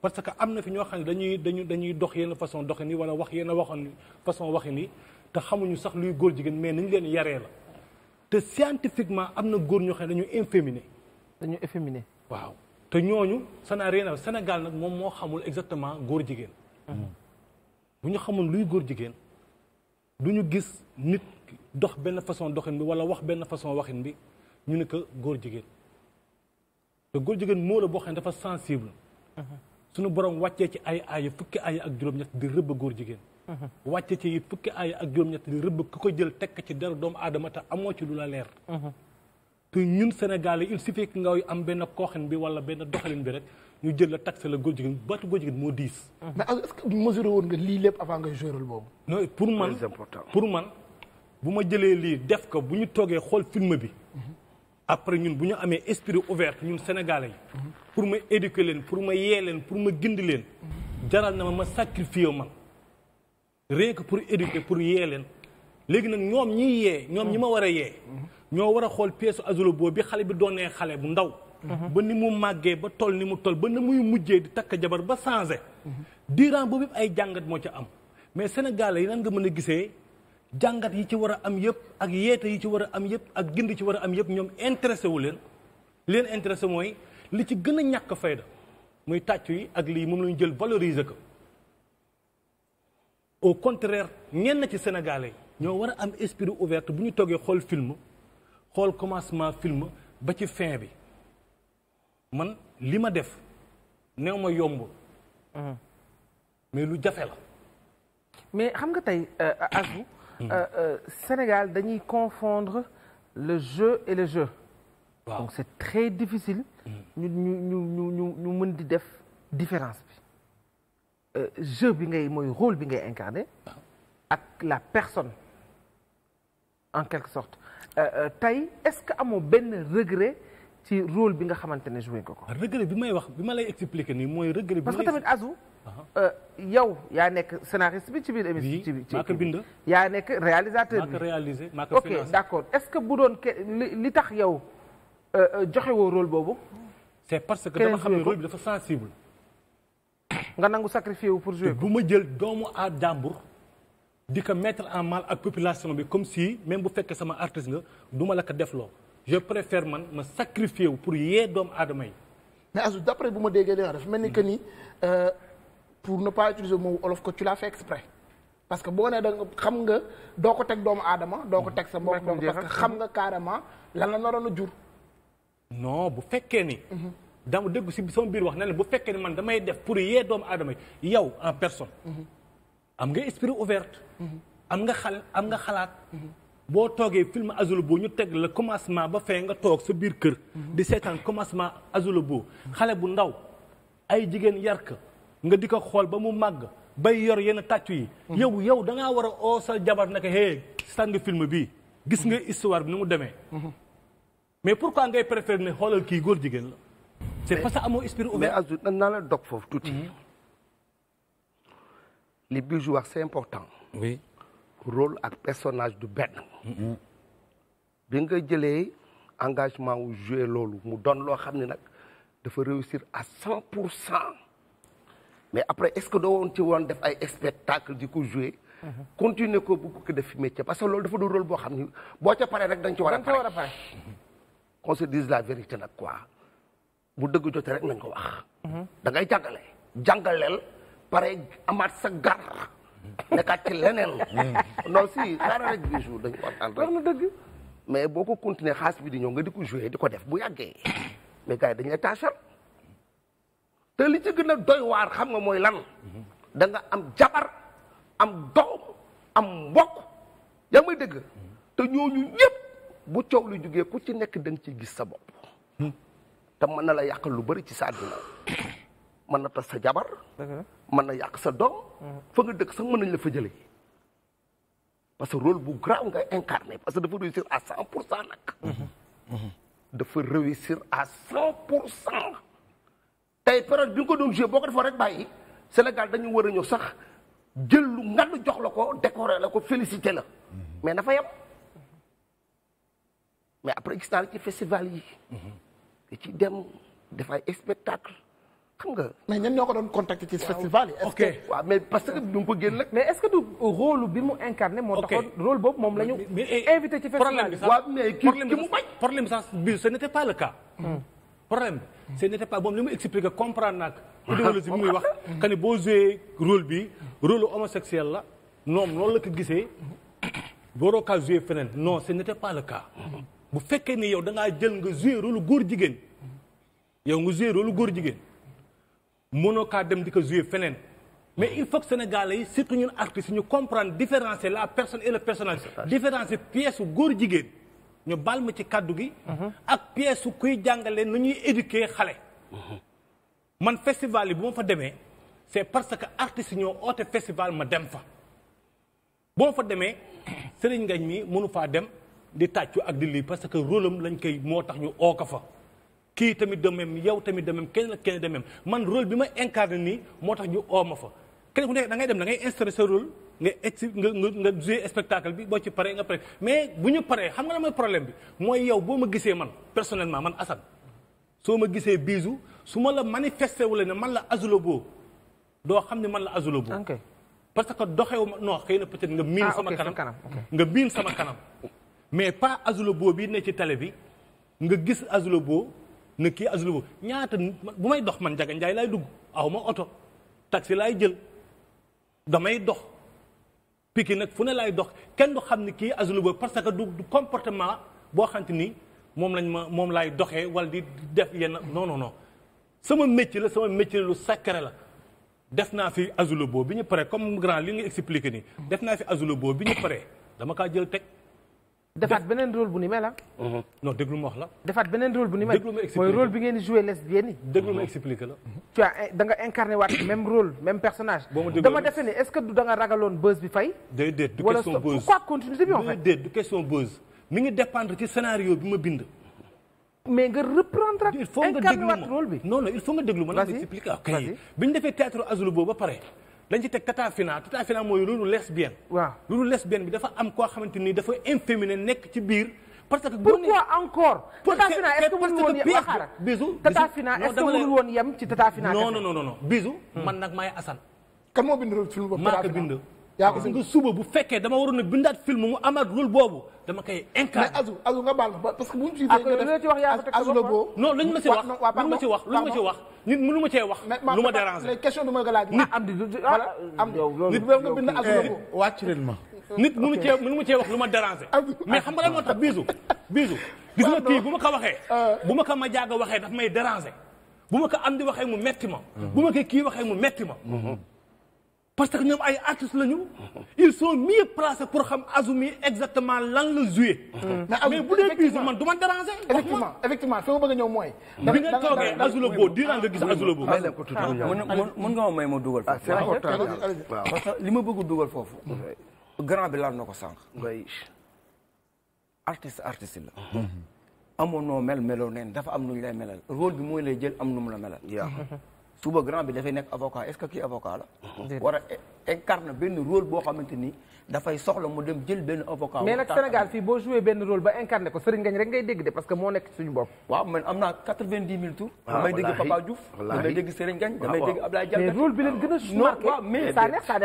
parce que am na fi ñoo xam ne dañuy dañuy dañuy dox yenn façon doxe ni wala wax yenn waxoon façon waxe ni te xamuñu sax luy góor jigéen mais nañ leen yaree la te scientifiquement am na góor ñoo xam ne dañu inféminé dañu waaw te ñooñu ça n'a nag moom moo xamul exactement góor jigéen ñu xamul luy góor jigéen du gis nit dox benn façon doxin bi wala wax benn façon waxin bi ñu ne ko góor jigéen te góor jigéen moo la boo xam ne dafa sensible mhm. suñu borom wàccee ci ay aaya fukki ay ak juróom-ñett di rëbb góor jigéen mhm. wàccee ci it fukki ay ak juróom-ñett di rëbb ku ko jël teg ko ci deru doomu aadama te amoo ci lu la leer mhm. te ñun Sénégal yi il suffit que ngay am benn kooxin bi wala benn doxalin bi rek ñu jël la taxe la góor jigéen baatu góor jigéen moo diis mais est-ce que woon nga lii lépp avant ngay jouer boobu non pour man pour man bu ma jëlee lii def ko bu ñu toogee xool film bi après ñun bu ñu amee esprit ouvert ñun sénégalais yi pour ma éduquer leen pour ma yee leen pour ma gindi leen jaral na ma ma sacrifié man rien pour éduquer pour yee leen léegi nag ñoom ñi yee ñoom ñi ma war a yee ñoo war a xool pièce Azoulou boobu bi xale bi doonee xale bu ndaw ba ni mu màggee ba tol ni mu tol ba na muy mujjee di takk jabar ba changé durant boobu ay jàngat moo ca am mais sénégale yi nan nga mën a gisee jàngat yi ci war a am yëpp ak yeete yi ci war a am yëpp ak gind ci war a am yëpp ñoom intéressé wu leen leen intéressé mooy li ci gën a ñàkk fayda muy tàccu yi ak lii moom lañu jël valoriser ko au contraire ñenn ci sénégalais yi ñoo war a am esprit ouverte bu ñu toggee xool film xool commencement film ba ci fin bi man li ma def néew ma yombul mais lu jafe la mais xam nga tey euh, Azou Mm. Euh, euh, Sénégal dañuy confondre le jeu et le jeu. Wow. donc c'est très difficile. Mm. ñu ñu ñu ñu ñu ñu mën di def différence bi. Euh, jeu bi ngay mooy rôle bi ngay incarner. ak la personne en quelque sorte tey est-ce que amoo benn regret. ci rôle bi nga xamante ne joué nga ko. regret bi may wax bi ma lay expliquer nii mooy regret bi. parce que tamit Azou. Euh, yow yaa nekk scénariste bi ci biir émission. ci biir maa ko bind. yaa nekk réalisateur bi maa ko réalisé maa ko que bu doon li tax yow euh, euh, joxe woo rôle boobu. c' est parce que dama xam ne rôle bi dafa sensible. nga nangu sacrifié wu pour jouer bu ma jël doomu à jàmbur di ko mettre en mal ak population bi comme si même bu fekkee sama artiste nga duma la ko def loo je préfère man ma sacrifié wu pour yee doomu aadama yi. mais Azou d' après ma déggee mel ni que ni. pour na pas utiliser mot olof que tu l'as fait parce que boo nee da nga xam nga doo ko teg aadama doo ko teg sa mbokk parce que xam nga carrément lan la naroon a jur non bu fekkee ni dama dégg si biir wax na ne bu fekkee ni man damay def pour yee doomu aadama yow en personne am nga esprit ouverte am nga xal am nga xalaat boo toogee film Azulubu ñu teg la commencement ba fee nga toog sa biir kër di seetaan commencement Azulubu xale bu ndaw ay jigéen yar nga di ko xool ba mu màgg ba yor yenn tàccu yi. Mm. yow yow dangaa war a oo sa jabar naka hey gis nga film bii. gis nga histoire bi ni mu demee. Mm-hmm. mais pourquoi ngay préférer ne xoolal kii góor jigéen la. c'est parce que amoo esprit ouvert. mais Azou naa la dog foofu tuuti. Mm-hmm. li Bijou wax c'est important. oui ak personnage du benn. Mm-hmm. bi nga jëlee engagement wu joué loolu mu doon loo xam ne nag dafa réussir à cent pour cent. mais après est-ce que doo woon ci woon def ay spectacle di ko jouer mhm. continuer ko bu ko def métier parce que loolu dafa doon rôle boo xam ni boo ca paree rek da nga ci war a pare qu'on se dise la vérité nag quoi bu dëgg jotee rek nañ ko wax mhm. da ngay jàngale jàngaleel pare amaat sa gar nekkaat ci leneen non si xaaral rek bi jour dañu waxtaan rek wax dëgg mais boo ko continuer xaas bi di ñëw nga di ko jouer di ko def bu yàggee mais gars yi dañ lay te li ci gën a doy waar xam nga mooy lan danga am jabar am doom am mbokk yaa ngi may dégg te ñooñu ñëpp bu coow lu jógee ku ci nekk da nga gis sa bopp te mën na la yàqal lu bari ci sa àdduna mën na tas sa jabar mën na yàq sa doom fa nga dëkk sax mën nañ la fa jëlee parce que rôle bu grave nga incarné parce que dafa réussir à cent pour mmh mmh à cent pour cent tey période bi nga ko doon joué boo ko defoon rek dañu war a ñëw sax jël lu ngandu jox la ko décorer la ko félicité la mais na fa yem mais après gis naa la ci festival yi. da ciy dem def ay spectacle xam nga. mais ñenn ñoo ko doon contacter ci festival yi. ok waaw mais parce que du ko génn nag. est-ce du rôle bi mu incarné. moo taxoon rôle boobu moom la ñu. Eh, invité ci festival yi waaw mais kii mu bañ. problème sax bi ce n'était pas le cas. Hmm. Mm. ce n'était pas moom li mu expliqué comprendre naag *laughs* idéologie bi muy wax que ni boo joué role bi rôle homosexuel la noom noonu la ko gisee *coughs* waroo kaa joué feneen non ce n'était pas le cas bu fekkee ni yow da ngaa jël nga joué rôle góor jigéen yow nga joué rôle góor jigéen mënoo kaa dem di ko joué feneen mais il faut sénégal sénégalais yi surtout ñun artistes ñu comprendre différencier la personne et le personnage différencier pièce góor jigéen ñu baal ma ci kàddu gi. Mhm. ak pièce su kuy jàngale nu ñuy éduquer xale. Mhm. man festival yi bu ma fa demee c'est parce que artistes ñoo oote festival ma dem fa. boo fa demee sëriñ ngañ mii mënu faa dem di tàccu ak di lii parce que rôle am lañ koy moo tax ñu oo ko fa. kii tamit de même yow tamit de même kenn kenn de man rôle bi ma incarné nii moo tax ñu oo ma fa kenn ku nekk da ngay dem da ngay installé sa rôle. nga ex nga nga joué spectacle bi boo ci paree nga pare mais bu ñu paree xam nga la mooy problème bi mooy yow boo ma gisee man personnellement man Assane soo ma gisee biisu su ma la manifesté wu la ne man la Azoulo Bou doo xam ne man la Azoulo Bou parce que doxewu ma non xëy na peut-être nga miin ah, sama kanam nga miin sama kanam mais pas Azoulo boo bi ne ci tale bi nga gis Azoulo boo ne kii Azoulo Bou ñaata bu may dox man Ndiaga Ndiaye lay dugg aw ma oto taxi laay jël damay dox Pikine nag fu ne laay dox kenn du xam ne kii Azou Louga parce que du comportement boo xamante ni moom lañ ma moom laay doxee wala di def yenn non non non sama métier la sama métier lu sacré la def naa fi Azou Louga bi ñu paree comme grand li nga expliqué nii. def naa fi Azou Louga bi ñu paree dama kaa jël teg. defaat beneen rôle bu ni mel ah. non déglu ma wax la. defaat beneen rôle bu ni mel. mooy rôle bi ngeen di joué lesbienne yi. déglu ma expliqué la. tu as eh, da waat *coughs* même rôle même personnage. dama defe ne est ce que du da ragaloon buzz bi fay. déedéet du du question buzz mi ngi dépendre ci scénario bi ma bind. mais nga reprendre ak. incarné waat rôle bi il faut nga déglu ma non ma. vas-y expliqué ok bi théâtre Azul boobu ba pare. dañ ci teg tatafina tatafina mooy loolu lesbienne. waaw loolu lesbienne bi dafa am koo xamante ni dafa inféminé nekk ci biir. parce que pourquoi encore. tatafina est-ce que mënul woon yem xaaral bisu tatafina est-ce que mënul woon yem ci tatafina. non non non hmm. man nag maay Assane. kan moo bind film boobu maa ko bind. yaa ko fi suba bu fekkee dama waroon a bindaat film mu amaat rôle boobu dama koy incarné. mais Azou Azou nga baal ma parce que bu ñu ah, ci wax yaa ko teg Azou ah? ma ci wax luñ ma ci wax luñ ma wax. nit mënu ma cee wax. lu ma déranger mais question du ma la laaj. nit am di voilà am nit nga bind Azou ma. nit mënu cee mënu ma cee mais xam nga lan moo tax bisu bisu. kii bu ma ko waxee. Euh. bu ma ko ma jaaga waxee daf may déranger. bu ma ko am di waxee mu metti ma. bu ma ko kii waxee mu metti ma mm-hmm. parce que ñoom ay artistes lañu il sont mieux placés pour xam Azumi exactement lan la joué. Hmm. mais bu dee bii man du ma déranger. effectivement effectivement fi ma bëgg a mooy. bi nga gis ah. Azula ah, mën nga ma may ma dugal ah, foofu. parce que li ma bëgg dugal foofu. grand bi laal na ko sànq. artiste artiste la. Hmm. amoon noo mel meloo neen dafa am nu ñu lay melal rôle bi mooy lay jël am nu mu la melal. suba grand bi dafay nekk avocat est-ce avocat la. war a incarne benn rôle boo xamante ni dafay soxla mu dem jël benn avocat. mais nag Sénégal fii boo joué benn rôle ba incarné nekk suñu bopp. waaw man am naa quatre-vingt-dix mille tours. Ah, damay dégg Papa Diouf damay dégg Serigne Ngagne ah, damay dégg Abdoulaye Diallo. mais rôle bi leen gën a marqué waaw mais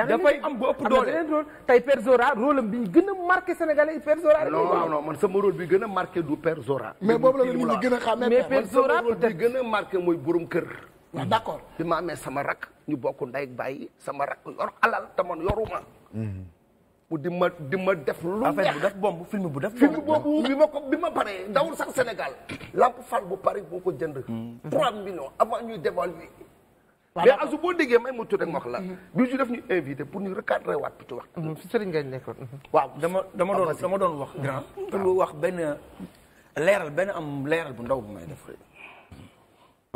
dafay am bu ëpp doole. am na beneen rôle tey Père Zora rôle am bi ñu gën a marqué Sénégalais Père Zora. non non non man sama Zora. mais boobu Zora peut-être waaw d'accord bi ma amee sama rak ñu bokk day ak sama rak yor alal te man yoruma mhm. mu di ma di def lu neex bu def bomb film bu def film bi ma ko bi ma paree dawul sax Sénégal lamp fal bu pare boo ko jënd mhm. trois millions avant ñuy dévaluer mais asu boo déggee may mu tudd rek wax la mhm. bi su def ñu invité pour ñu recadrer waat bi ci wax sëriñ nga dama dama doon dama doon wax grand pour wax benn leeral benn am leeral bu ndaw bu may def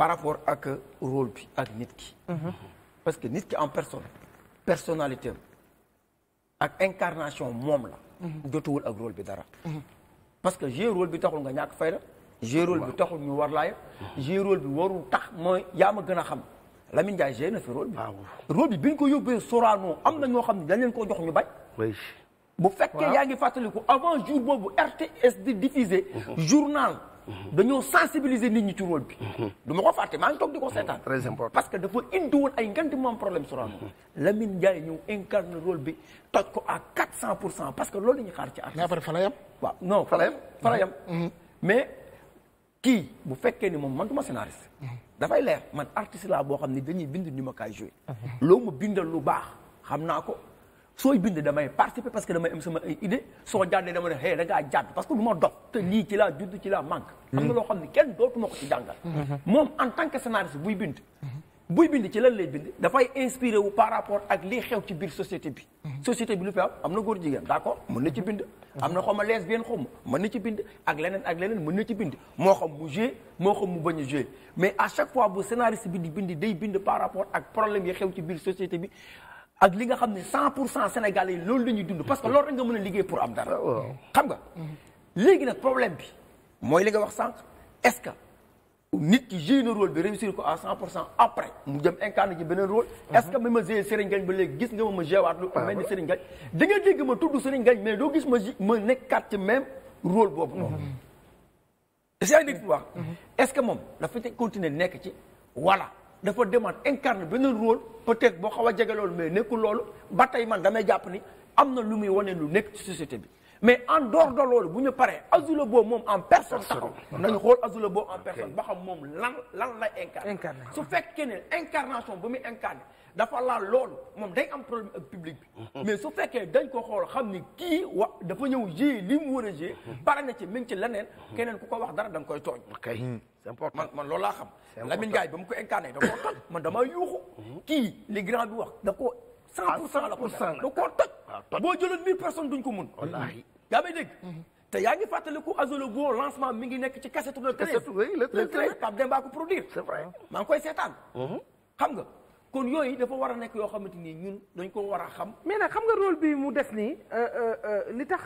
par rapport ak rôle bi ak nit ki. Mhm. parce que nit ki en personne personnalité am ak incarnation moom la. Mhm. jotuwul ak rôle bi dara. Mhm. parce que jeu rôle bi taxul nga ak fayda. jeu rôle bi taxul ñu war laa yëpp. jeu bi warul tax mooy yaa ma gën a xam Lamine Ndiaye jeu na fi rôle bi. Ah, rôle bi bi ñu ko yóbbee Sorano am na ñoo xam ne dañ leen koo jox ñu bu fekkee yaa ngi fàttaliku avant jour boobu RTS di diffusé. journal. dañoo sensibiliser nit ñi ci rôle bi. du ma ko fàtte maa ngi toog di ko seetaan. parce que dafa indi woon ay ngant moom problème Sorano. Lamine Ndiaye ñëw incarne rôle bi toj ko à 400 pour cent parce que loolu la ñuy xaar ci artiste. mais après fa yam. Mm-hmm. mais kii bu fekkee ni moom man du ma scénariste. Mm-hmm. dafay leer man artiste laa boo xam ne dañuy bind ni ma kaay joué. Mm-hmm. loo ma bindal lu baax xam naa ko. sooy bind damay participer parce que damay am sama ay idée soo jàddee dama ne xëy da ngaa jàdd parce que du ma dox te lii ci laa judd ci laa manque hmm. am na loo xam ne kenn dootuma ko ci jàngal hmm. moom en tant que buy bind buy bind ci lan lay bind dafay inspiré wu par rapport ak lii xew ci biir société bi hmm. société bi lu fi am am na góor jigéen d'accord mën na ci bind am na xaw ma lesbienne xaw ma mën na ci bind ak leneen ak leneen mën na ci bind moo xam mu joué moo xam mu b a à chaque fois bu scénariste bi bind day bind par rapport ak problème yi xew ci biir société bi ak li nga xam ne 100 pour cent sénégalais yi loolu la ñuy dund parce que loolu rek nga mën a liggéey pour am dara. xam nga léegi nag problème bi mooy li nga wax sànq est-ce que nit ki joué na rôle bi réussir ko à 100 pour cent après mu jëm incarné ci beneen rôle. Mhm. est-ce que même ma joué Serigne Ngagne ba léegi gis nga ma ma joué waat lu ah, mel ni Serigne Ngagne da nga dégg ma tudd Serigne Ngagne mais doo gis ma ji ma nekkaat ci même rôle boobu noonu. Mhm. est-ce que yaa ngi dégg wax mhm. est-ce que moom dafa continuer nekk ci voilà. dafa demande incarne beneen rôle peut boo xaw a jege loolu mais nekkul loolu ba tey man damay jàpp ni am na lu muy wanee lu nekk ci société bi mais en dehors de loolu bu ñu paree Azula Bo moom en personne taxaw nañu xool Azula Bo en personne ba xam moom lan lan lay incarne su fekkee ne incarnation bu muy incarne dafa laal lool moom day am problème ak public bi mhm. mais su fekkee dañ ko xool xam ni kii wa dafa ñëw jée li mu war a jée mhm. pare na ci mi ngi ci leneen mhm. keneen ku ko wax dara da nga koy tooñ c'est important man man loolu laa xam Lamine Gaye ba mu ko incarné da koo toj man damaa yuuxu wax da ko cent pour cent la ko da koo ah, boo jëloon mille personnes duñ ko mun yaa may dégg. te yaa ngi fàttaliku Azolo Go lancement mi ngi nekk ci cassette le treize. le treize Pape Demba ko produire. c'est vrai maa ngi koy seetaan. Mm-hmm. xam nga kon yooyu dafa war a nekk yoo xamante ni ñun dañ ko war a xam. mais nag xam nga rôle bi mu des nii euh, euh, euh, li tax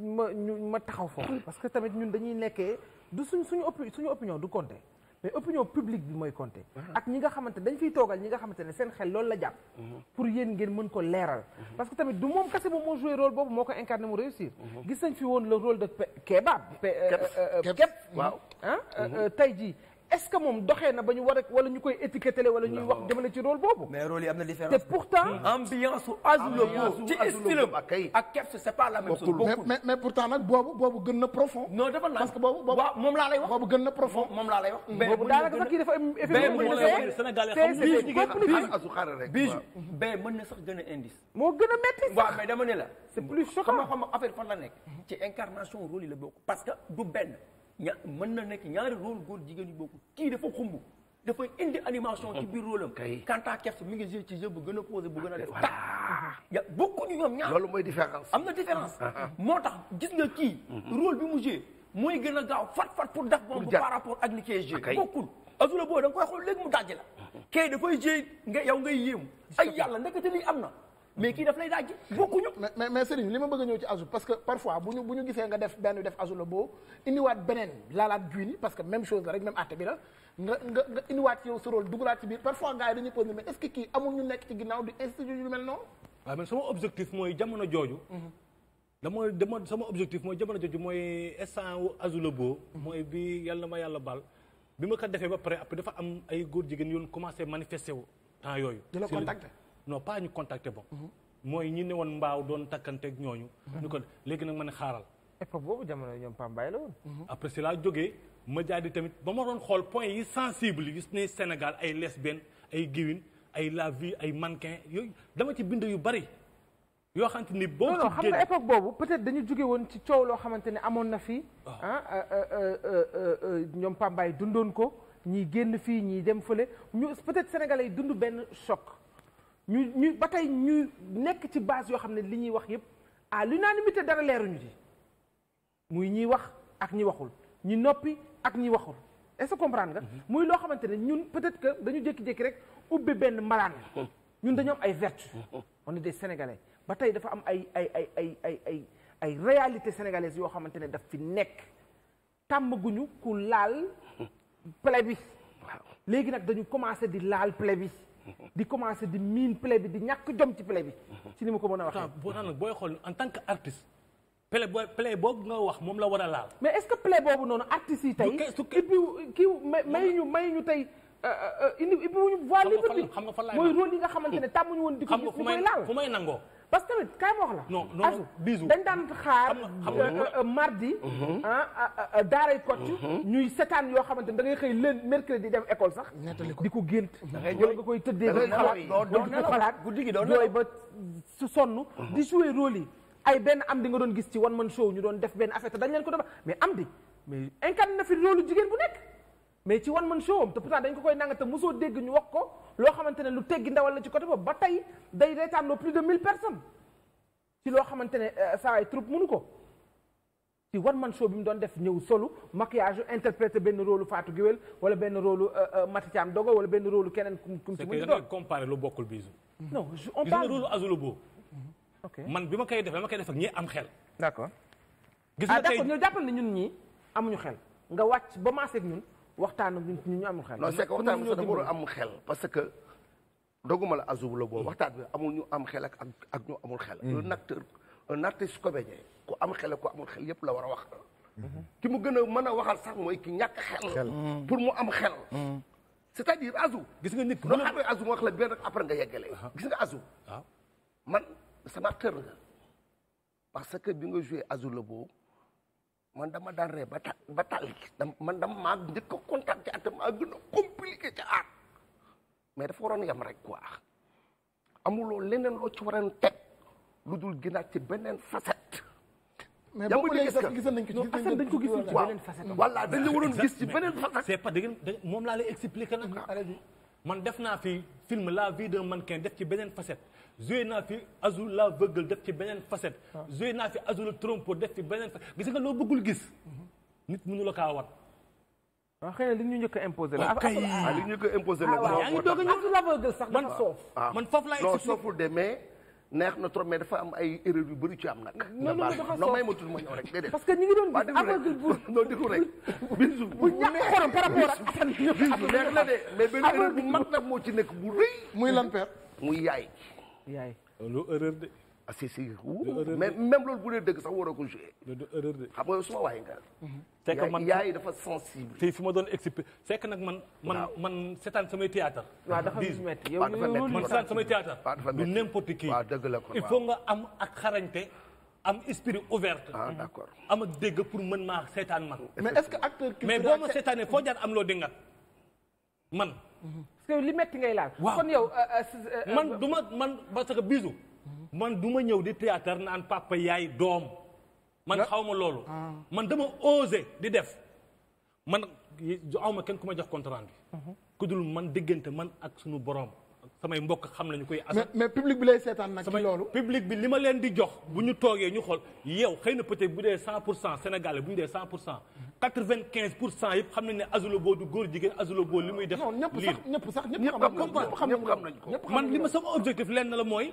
ma ñu ma taxaw foofu. parce que tamit ñun dañuy nekkee du suñ suñu opinion suñu opinion du compter. mais opinion publique bi mooy compter. ak ñi nga xamante dañ fiy toogal ñi nga xamante ne seen xel loolu la jàpp. Mhm. pour yéen ngeen mën ko leeral. Mhm. parce que tamit du moom kese moom moo joué rôle boobu moo ko incarné mu réussir. Mhm. gis nañ fi woon le rôle de Kéba. Kep Kep waaw ah tey jii. est-ce que moom doxee na ba ñu war a wala ñu koy étiqueté wala ñuy wax jëmale ci rôle boobu. mais pourtant mm-hmm. ambiance su Azou Lo ci style ak Kebs c'est pas la même chose. mais mais pourtant nag boobu boobu gën na profond. non dafa parce moom laa lay wax. boobu gën na profond moom laa lay wax. Mm-hmm. boobu daanaka sax kii dafa effet bu mën na sax gën a indice. moo gën a métti. waaw mais dama ne la. c'est plus choquant xam nga affaire fan la nekk. Mm-hmm. ci ña mën na nekk ñaari rôle góor jigéen yu bokkul kii dafa xumb dafay indi animation ci biir rôle am. kay Kanta Kefs mi ngi joué ci bu gën a posé bu gën a def. tak ya bokkuñu ñoom ñaar. loolu mooy différence. am na différence. Ah, ah. moo tax gis nga kii. Mhm. rôle bi mu joué mooy gën a gaaw fat fat pour daf moom par rapport ak li kee joué bokkul. Azula boobu da nga koy xool léegi mu dajji la. Mhm. kay dafay joué nga yow ngay yéemu. ay yàlla ndekete lii am na. mais kii daf lay dajji bokkuñu. mais mais Serigne li ma bëgg a ñëw ci azul parce que parfois bu ñu bu ñu gisee nga def benn def azul la boo indiwaat beneen laalaat juin parce que même chose la rek même àtte bi la nga nga nga indiwaat yow sa rôle dugalaat ci biir parfois gars yi dañuy posé mais est kii amul ñu nekk ci ginnaaw di institut mel noonu. waaw ah, mais sama objectif mooy jamono jooju. Mhm. dama dama sama objectif mooy jamono jooju mooy instant wu boo. Mhm. mooy bi yàlla ma yàlla baal. bi ma ko defee ba pare après dafa am ay góor jigéen yoon commencé manifesté wu temps yooyu. di la contacté non pas ñu contacter bon mhm. mooy ñi ne woon mbaaw doon takkanteeg ñooñu. ñu mhm. ko léegi nag man xaaral. époque boobu jamono ñoom Pam Mbaye la woon. Mhm. après si laa jógee ma jaadi tamit ba ma doon xool point yi sensible yi ne Sénégal ay lesbienne ay giwin ay la vie ay mannequin yooyu dama ci bind yu bari. yoo xamante ni boo xam nga époque boobu peut-être dañu jóge woon ci coow loo xamante ne amoon na fii. Oh. ah euh, euh, euh, ñoom Pam Mbaye dundoon ko ñii génn fii ñii dem fële ñu peut-être sénégalais yi dund benn choc. ñu ñu ba tey ñu nekk ci base yoo xam ne li ñuy wax yépp à l'unanimité dara leeruñu ci muy ñiy wax ak ñi waxul ñi noppi ak ñi waxul est-ce nga. Mhm. muy loo xamante ne ñun peut-être que dañu jékki-jékki rek ubbi benn malaan *laughs* ñun dañu am ay vertu *laughs* on est des sénégalais ba tey dafa am ay ay ay ay ay ay ay réalité sénégalaise yoo xamante ne daf fi nekk tàmmaguñu ku laal *laughs* plaie bi léegi nag dañu commencé di laal plaie bi. di commencé di miin play bi di ñàkk jom ci play bi ci li ma ko mën a waxee boo naan nag booy xool en tant que artiste play booy play boobu nga wax moom la war a laal mais est ce que play boobu noonu artistes yi tey ibbi kii may ñu may ñu tey euh, euh, euh, indi ibbi wuñu voie libre bi mooy rôle yi nga xamante ne tàmmuñu woon di ko gis ñu koy laal fu may nangoo parce que tamit kaay ma wax la. non non bisu dañ daan xaar. Euh, euh, mardi. Mhm. ah, ah, ah euh, daaray kocc mhm. ñuy setaan yoo xamante ne ngay xëy leen mercredi dem école sax. di ko gént. wala mhm. nga koy tëddee ba xalaat guddi gi doon jooy ba su sonn. di jouer rôle yi ay benn am di nga doon gis ci one man show ñu doon def benn affaire te dañ leen ko doon mais am di mais incarné na fi rôle jigéen bu nekk mais ci one man show ta te pourtant dañ ko koy nangata mosoo dégg ñu wax ko. loo xamante ne lu teggi ndawal la ci côté boobu ba tey day reetaanloo plus de mille personnes ci loo xamante ne euh, saa ay troupe mënu ko ci one man show bi mu doon def ñëw solu maquillage interprété benn rôle Fatou Guewel wala benn rôle euh, euh, Mati Thiam Dogo wala benn rôle keneen kum kum ci muy doon comparé lu bokkul bisu non on parle rôle mhm. ok man bi ma koy def ma koy def ak ñi am xel d'accord gis ah, nga tey ñu jàppal ne ñun ñii amuñu xel nga wàcc ba maaseeg ñun waxtaan ak ñun ñu amul xel. non c'est que waxtaan bi sax dafa xel parce que doguma la azub la boobu waxtaan bi amul ñu am xel ak ak ñu amul xel. Hmm. un acteur un artiste comédien ku am xel ak ku amul xel yëpp la war a wax. Hmm. ki mu gën a mën a waxal sax mooy ki ñàkk xel. Hmm. pour mu am xel. cest a dire azu. gis nga nit ku xam ne azu wax la benn après nga yeggale. gis nga azu. Ah. man sa acteur nga parce que bi nga joué azu la boobu. man dama daan ree ba ta ba tàlli man dama maa njëkk a contacté at maa gën a compliqué ca aat mais dafa waroon yam rek quoi amuloo leneen loo ci waroon teg lu dul gënaat ci beneen facette. mais boo ko gis ko ci beneen dañ ko gis ci gis ci beneen facette. c'est pas dëgg moom laa lay expliqué ah. man def naa fi film la vie d'un mannequin def ci beneen facette. joué naa fi azul la veugle def ci beneen facette. Ah. joué naa fi azul trompe def ci beneen facette gis nga loo bëggul gis. Mm-hmm. nit mënu la kaa wat. a ah, xëy na li ñu njëkk a imposé la. ok oh, ah, li ñu njëkk imposé la. waaw yaa la veugle sax dafa man foofu la expliqué non sooful de mais. neex na trop mais dafa am ay erreur yu bëri ci am nag. non non dafa soof may ma tudd ma ñëw rek déedéet. parce que ñu ngi doon gis aveugle bu *laughs* non déglu rek *laughs* bisu. bu ñàkk xorom par rapport ak Assane. bisu neex na de moo ci nekk bu rëy. muy lan muy yaay yaay lu erreur de. ah si si mais même loolu bu dee dëgg sax a ko joué. loolu erreur de mhm. man ma doon expliqué c'est que nag man. man man seetaan samay théâtre. waaw dafa métti yow man seetaan samay théâtre. waaw dafa métti du n'importe qui. waaw dëgg la kon il faut nga am ak xarañte. am esprit ouvert. Ah, mm-hmm. am ak dégg pour mën maa seetaan man. mais est ma seetaanee foo jaar am loo dingat man. Mm-hmm. te li metti ngay laal. waaw kon yow. Euh, euh, euh, man du ma man parce que bisu. man du ma ñëw di théâtre naan papa yaay doom. man xaw ma loolu. Ah. man dama osé di def. man aw ma kenn ku ma jox compte bi. Mhm. ku dul man diggante man ak suñu borom. samay mbokk xam nañu koy. mais mais public bi lay seetaan nag. ci loolu public bi li ma leen di jox. bu ñu toogee ñu xool yow xëy na peut bu dee cent pour cent Sénégalais bu ñu dee 100 pour cent. Mhm. quatre-vingt-quinze pour cent yëpp xam nañ ne azuloboo du góor jigéen azuloboo li muy def. non ñëpp sax ñëpp sax ñëpp xam nañ ko man li ma sama objectif lenn la mooy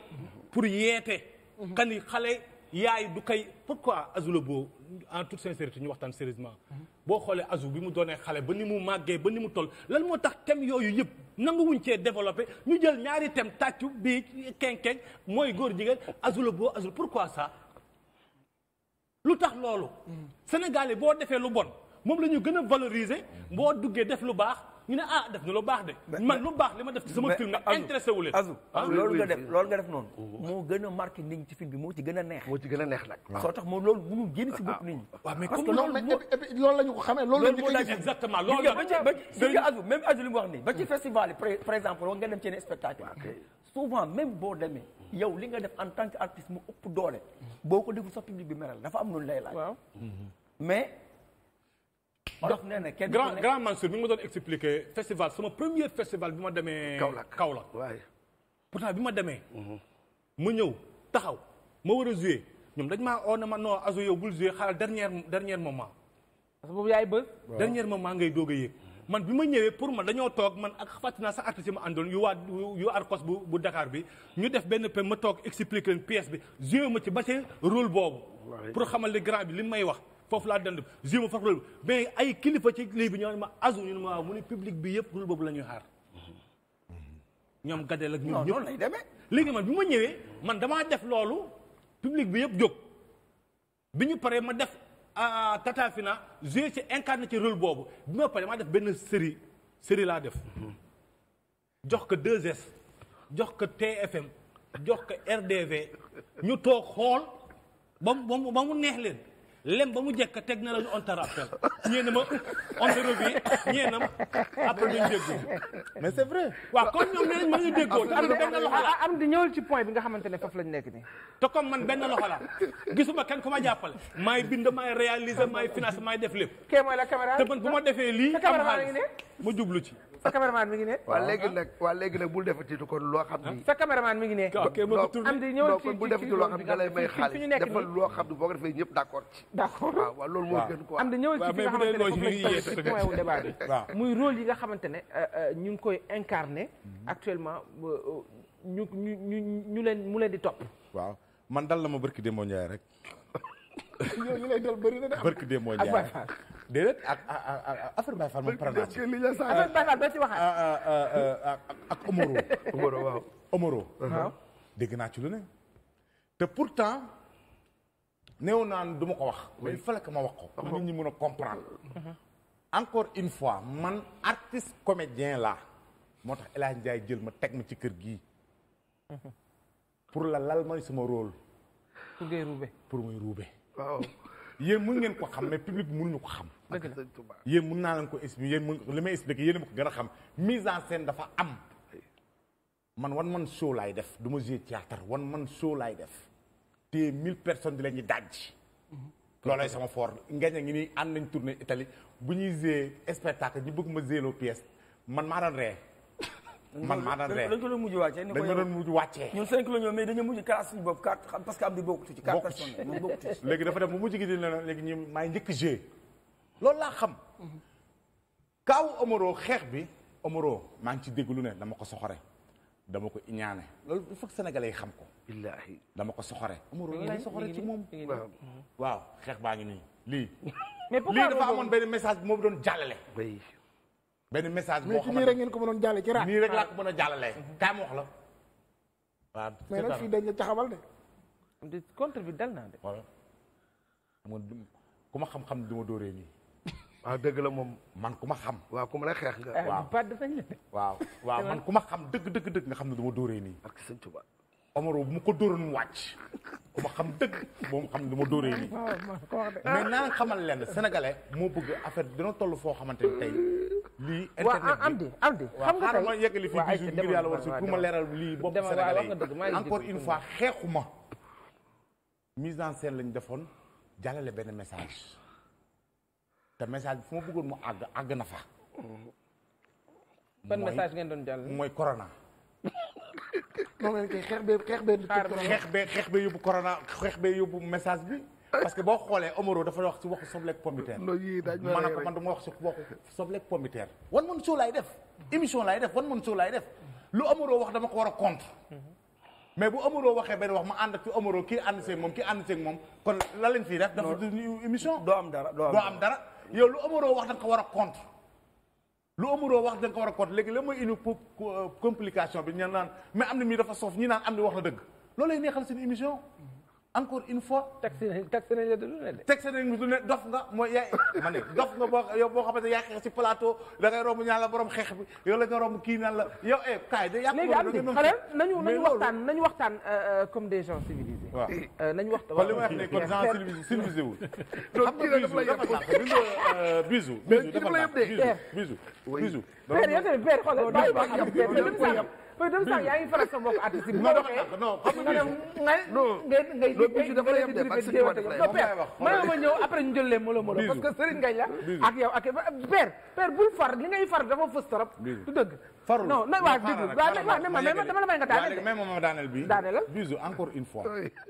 pour yeete. Mhm. kan xale yaay du kay pourquoi azuloboo en toute sincérité ñu waxtaan sérieusement. Mhm. boo xoolee azu bi mu doonee xale ba ni mu màggee ba ni mu tol lan moo tax thème yooyu yëpp nanguwuñ cee développé ñu jël ñaari thème tàccu bii kenkeñ mooy góor jigéen azuloboo azul pourquoi ça. lu tax loolu. Sénégal yi boo defee lu bon moom la ñu gën a valoriser boo duggee def lu baax ñu ne a ah, def na lu baax de. man lu baax li ma def ci sama film. mais intéressé wu leen. Ah, loolu nga def nga def noon oh. moo gën a marqué nit ñi ci film bi moo ci gën a neex. moo ci gën a neex nag. waaw soo tax moom loolu mënul génn si bopp ah, nit ñi. waaw mais comme loolu loolu la ñu ko xamee loolu la ko gis exactement loolu la ba ci ba ci Azou même Azou li mu wax nii. ba ci boo demee. yow li nga def en tant que artiste mu ëpp doole. boo ko deful sa public bi meral dafa am noonu lay laaj. mais. dox nee na kenn grand grand Mansour ma doon expliquer festival sama première festival bi ma demee. Kaolack Kaolack waaye. pourtant bi ma demee. Mhm. ma ñëw taxaw ma war a jouer ñoom dañ maa oo ne ma non azo yow bul jouer xaaral dernier moment. parce que boobu yaay bës. dernier moment ngay doog a man bi ma ñëwee pour man dañoo toog man ak fàttali naa sax artiste ma àndoon yu waa yu arcos bu bu Dakar bi ñu def benn pe ma toog expliqué leen pièce bi joué ma ci ba ci rôle boobu. pour xamal le grand bi li may wax. foofu laa dend joué ma foofu bi mais kilifa ci lii bi ñoo ma azu ñu ne ma waaw mu ne public bi yëpp rôle boobu la ñuy xaar. ñoom gadeel ak ñoom ñëpp lay demee. léegi man bi ma ñëwee man damaa def loolu public bi yëpp jóg bi ñu paree ma def. Tatafina joué ci incarné ci rôle boobu bi ma pare maa def benn série série laa def jox ko 2S jox ko TFM jox ko RDV ñu toog xool ba mu ba mu neex leen lem ba mu jekk teg na la ñu on te rappelle ñee na ma on te revient ñee na ma après duñ déggoo mais c'est vrai waaw comme ñoom nee nañ mënuñu déggoo te am benn loxo la am di ñëwal ci point bi nga xamante ne foofu lañ nekk nii te comme man benn loxo la gisuma kenn ku ma jàppale maay bind maay réaliser maay finance maay def lépp kee mooy la caméra te man bu ma defee lii am xaalis ma jublu ci sa caméraman mi ngi ne. waaw léegi nag waa léegi nag bul defati kon loo xam ni. sa caméraman mi ngi ne. am di ñëw ci bul loo xam ne da lay may xaalis ko defee ñëpp d' accord ci. d' accord loolu moo gën quoi. am di ñëw ci fi nga xamante ne muy rôle yi nga xamante ne euh, euh, ñu ngi koy incarné mhm. actuellement euh, ñu ñu ñu leen mu leen di topp. waaw man dal la ma barki Demba Ndiaye rek *laughs* yow ñu lay dal bëri na de. barke de moo jaay ak Baye Fall. déedéet ak affaire Baye Fall moom pare naa ci. affaire Baye Fall doo ci waxaat. Ah, ah, ah, ak Omoro. *laughs* Omoro waaw Omoro. waaw dégg naa ci lu ne. te pourtant néew naan du ma ko wax. mais il fallait que ma wax ko. nit ñi mën a comprendre. Mhm. encore une fois man artiste comédien laa. moo tax El Hadj Ndiaye jël ma teg ma ci kër gii. Mhm. pour la lal mooy sama rôle. pour ngay ruube. pour muy ruube. waaw yéen mun ngeen ko xam mais public mënuñu ko xam. dëgg la yéen mun naa leen ko expliquer yéen mun li may expliquer yéen a ma ko gën a xam mise en scène dafa am. man wan man show laay def du ma jouer théâtre wan man show laay def te mille personnes di la ñuy daj. loolay sama fort ngañ a ngi nii ànd nañ tournée Italie bu ñuy jouer spectacle ñu bëgg ma jouer loo pièce man maa doon ree man maa daan ree dañ ko doon mujj wàccee dañ ko doon mujj wàccee ñun cinq la ñoo dañu mujj classe bopp quatre parce am di bokkutu ci ci léegi dafa dem bu mujj gi di leneen léegi ñu maay njëkk jeu loolu laa xam kaaw Omaro xeex bi Omaro maa ngi ci dégg lu ne dama ko soxore dama ko iñaane loolu il faut yi xam ko billaahi dama ko soxore Omaro lay soxore ci moom waaw xeex baa ngi nii lii *laughs* lii dafa amoon beneen message moom moo doon jàllale benn message boo xam ne nii rek ngeen ko mënoon jàllale ci raadu. nii rek laa ko ah. mën a jàllalee. kaa ma mais nag fii dañ la taxawal de. naa de. ku ma xam-xam du ma dóoree nii. waaw *laughs* ah, dëgg la moom man ku ma xam. waaw ku ma la xeex nga. Eh, waaw waaw man ku ma xam dëgg dëgg dëgg nga xam ne du ma dóoree nii. ak sëñ Omaro bu mu ko dóoroon mu bu ma xam dëgg moom xam ne ma dóoree nii *laughs* oh, mais naa xamal lenn sénégalais moo bëgg affaire dina toll foo xamante ni lii internet ah, am di am di xam nga tey ma yeggali fii toujours ngir yàlla war si pour ma leeral lii bopp sénégalais encore une fois xeexuma mise en scène lañ defoon jàllale benn message te message bi fu ma bëggoon mu àgg àgg na fa ban doon jàll mooy corona moom lañ koy xeex bee xeex bee. xeex bee xeex yóbbu corona xeex bee yóbbu message bi. parce que boo xoolee Omaro dafa wax ci waxu sobleeg pommitère. loolu yii daaj ma ne ko man dama wax ci waxu sobleeg pommitère. wan man soo laay def émission laay def wan man soo laay def lu Omaro wax dama ko war a contre. Mhm. mais bu Omaro waxee benn wax ma ànd ak ci kii ànd seeg moom kii ànd seeg moom kon la leen fii def. dafa du émission. doo am dara doo am dara yow lu Omaro wax da nga ko war a contre. lu amuloo wax da nga ko war a compte léegi la mooy indi euh, complication bi ñu naan mais am na mi dafa soof ñi naan am na wax na dëgg loolu lay neexal seen émission encore une fois. taxi nañ taxi nañ la du ne de. taxi nañ du ne dof nga mooy yaay ma ne nga boo yow boo xamante ne yaa xeex si plateau la ngay romb ñaan la borom xeex bi yow la nga romb kii naan la yow eh kaay de. yàqu loolu léegi am na xale nañu nañu waxtaan nañu waxtaan euh, euh, comme des gens civilisés. waaw euh, nañu waxtaan kon li ma wax nii comme gens civilisés civilisés wul. xam nga bisu dafa sax bisu. bisu dafa sax bisu bisu bisu. bisu bisu. bisu bisu. mais dem sax yaa ngi faral sa mbokk artiste bi. non ah, non xam nga ngay ma ñëw après ñu jël leen molo molo parce que Serigne Ngagne la ak yow ak père père bul far li ngay far dafa fës trop du dëgg farul non na waaw déglu waaw ne ma mais dama la may nga daaneel. mais moom ma daaneel bii daaneel bisu encore une fois.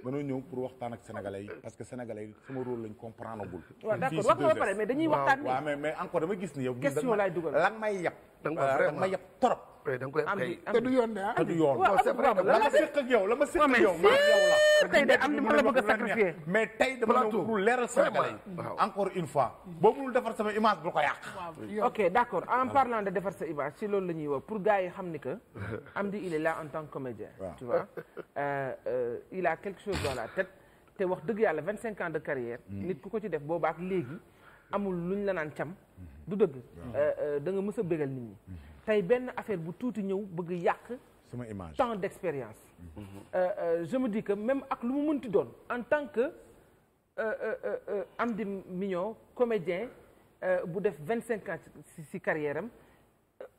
dañoo ñëw pour waxtaan ak sénégalais yi parce que sénégalais yi sama rôle lañ comprendre gul. waaw d'accord wax nga ba pare mais dañuy waxtaan. waaw mais mais encore dama gis ni yow. question laay dugal lan may yab. da nga may yab trop. da nga koy am di ah. te du yoon de ah. du yoon non c'est vrai la ma séq ak yow la ma séq ak yow. tey de am ni ma la bëgg a sacrifier mais tey dama ñëw pour leeral sénégalais yi encore une fois boo mënul defar sama image bu ko yàq. ok d'accord en parlant de defar sa image si loolu la ñuy wax pour gars yi xam ni que *laughs* am di est la en tant que comédien tu vois euh, euh, il a quelque chose dans la te wax dëgg yàlla vingt cinq ans de carrière mm. nit ku ko ci def boobaak léegi amul lu luñ la naan cam mm-hmm. du dëgg euh, da nga mës a bégal nit ñi mm-hmm. tey benn affaire bu tuuti ñëw bëgg yàq sama image tant d'expérience mm-hmm. je me dis même ak lu mu mënti doon en tant que Amdy Mignon comédien bu def vingt cinq ans ci ci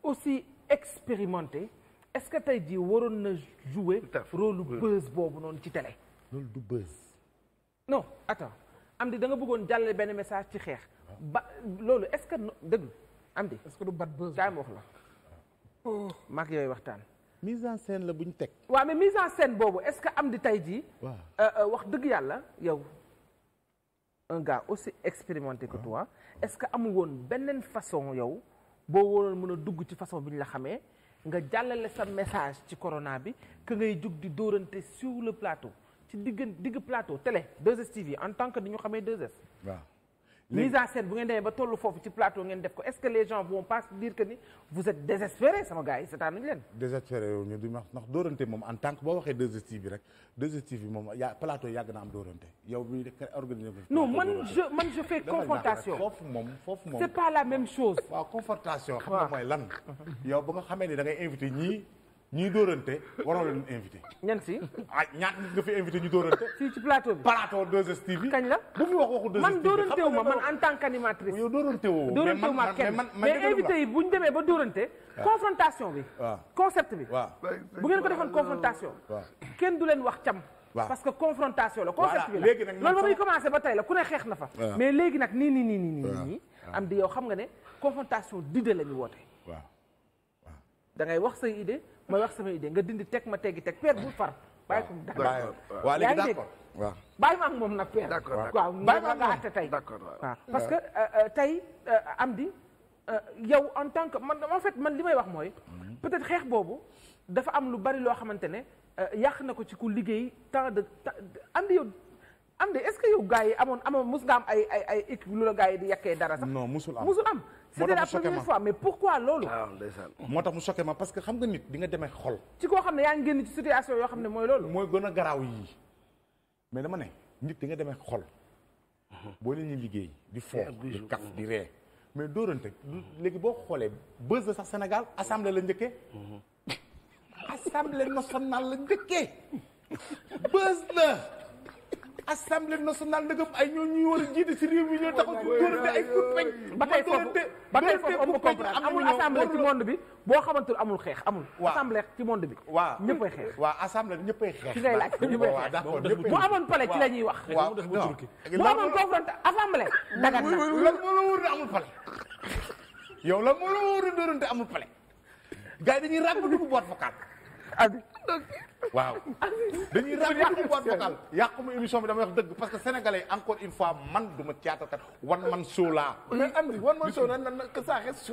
aussi expérimenté est-ce que tey jii waroon na jouer rôle buzz boobu noonu ci télé. loolu du buzz. am di da nga bëggoon jàllale benn message ci xeex. ba loolu est-ce que dëgg am di. est-ce que du bat buzz kaay ma wax la. Oh. maak yooyu waxtaan. mise en scène la bu ñu teg. waa mais mise en scène boobu est-ce que am di tey jii. Euh, euh, wax dëgg yàlla yow. un gars aussi expérimenté que ah. toi est-ce que amul woon beneen façon yow. boo waroon mën a dugg ci façon bi ñu la xamee nga jàllale sa message ci corona bi que ngay jug di dóorante sur le plateau ci digg digg plateau télé 2STV en tant que dañu xamee 2S waaw mise en scène bu ngeen demee ba tollu foofu ci plateau ngeen def ko est-ce vous êtes désespéré sama gars yi seetaan leen désespéré yow ñu duñ wax ndax dóorante en tant boo waxee 2STV bi rek 2STV bi plateau yàgg na am dóorante yow bi de organisé man je man confrontation foofu moom foofu moom c'est pas la même chose waaw confrontation xam nga mooy lan *laughs* ba nga xamee ni da ngay invité ñuy dóorante waroo leen invité. ñan si. ah ñaata nit nga fi invité ñu dóorante. *laughs* fii ci plateau bi plateau 2STV. kañ la bu fi wax waxu 2STV man dóorante wu ma man en tant qu'animatrice. yow dóorante woo. dóorante wu ma kenn mais invité yi bu ñu demee ba dóorante. Ah. confrontation bi. waaw ah. concept bi. waaw bu ngeen ko defoon confrontation. waaw kenn du leen wax cam. waaw parce que confrontation la concept bi la loolu ba muy commencé ba tey la ku ne xeex na fa. mais léegi nag nii nii nii nii nii nii. am di yow xam nga ne confrontation d'idée la ñu woote. waaw da ngay wax say idée ma wax sama idée nga dindi teg ma teggi teg père bu far. bàyyi ko waaw léegi d'accord waaw bàyyi ma ak moom nag père. d'accord waaw bàyyi ma nga àtte tey. parce que euh, euh, tey euh, am di yow en tant que man en fait man li may wax mooy. Mhm. peut-être xeex boobu dafa am lu bari loo xamante ne yàq na ko ci ku liggéey temps de andi yow. am yi amoon amoon mus nga am ay ay ay équipe lu la gars yi di yàqee dara sax. non musul am musul am. c'était la première fois mais pourquoi loolu ah, moo tax mu choqué ma parce que xam nga nit di nga demee xol ci koo xam ne yaa ngi génn ci situation yoo xam ne mooy loolu mooy gën a garaaw yii mais dama ne nit di nga demee xol boo leen liggéey di foo di kaf mm-hmm. di ree mais dóorante léegi boo xoolee bës la sax Sénégal assemblée la njëkkee mm-hmm. assemblée nationale la njëkkee bës la assemblée nationale ndëgëm ay ñoo ñuy war a jiite si réew mi ñoo taxaw dóorante ay coup peñ ba tey foofu ba tey foofu amul assemblée ci monde bi boo xamantul amul xeex amul assemblée ci monde bi waaw bi ñëppay xeex ci ngay laaj ñëppay bu amoon palais ci la wax bu amoon confronté assemblée dagat na lan moo la wóor ne amul palais yow lan moo la wóor ne dóorante amul palais gars yi dañuy ràbb dugg boîte vocale waaw dañuy ràññee yàqu boîte vocale dama wax dëgg parce que encore une fois man du ma théâtre kat wan man show laa. mais wan man show na na que ça reste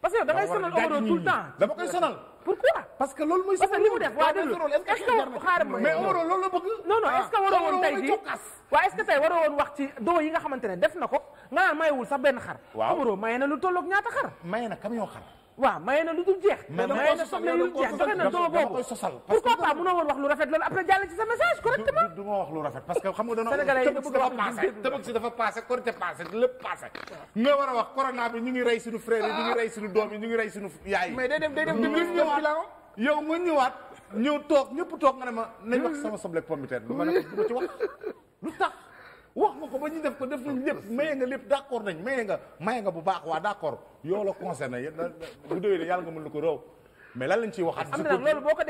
da ngay sonal Omaro tout le temps dama koy sonal. pourquoi parce que loolu mooy. parce que li mu def waa déglu est-ce que xaaral ma ah. doo yi nga xamante ne def na ko nga naan mayewul sax benn xar. waaw Omaro maye na lu tolloog ñaata xar. maye na camion xar waaw maye na lu dul jeex. maye na soble yu jeex joxe na wax lu rafet loolu après jàll ci sa message correctement. du ma wax lu rafet parce que xam nga dañoo. Sénégalais yi dafa passé tëbëg si dafa passé korité nga war a wax corona bi ñu ngi rey suñu frère yi ñu ngi rey suñu doom yi ñu ngi rey suñu yaay yi. mais day dem day dem déglu ñëwaat yow nga ñëwaat ñëw toog ñëpp toog nga ne ma nañ wax sama soble pomme de terre du ma lu tax wax ma ko ba ñu def ko def nañ lépp maye nga lépp d' accord nañ maye nga maye nga bu baax waa d' accord yoo la concerné bu déwénee yàlla nga mën la ko raw mais lan lañ ciy waxaat. am na loolu boo am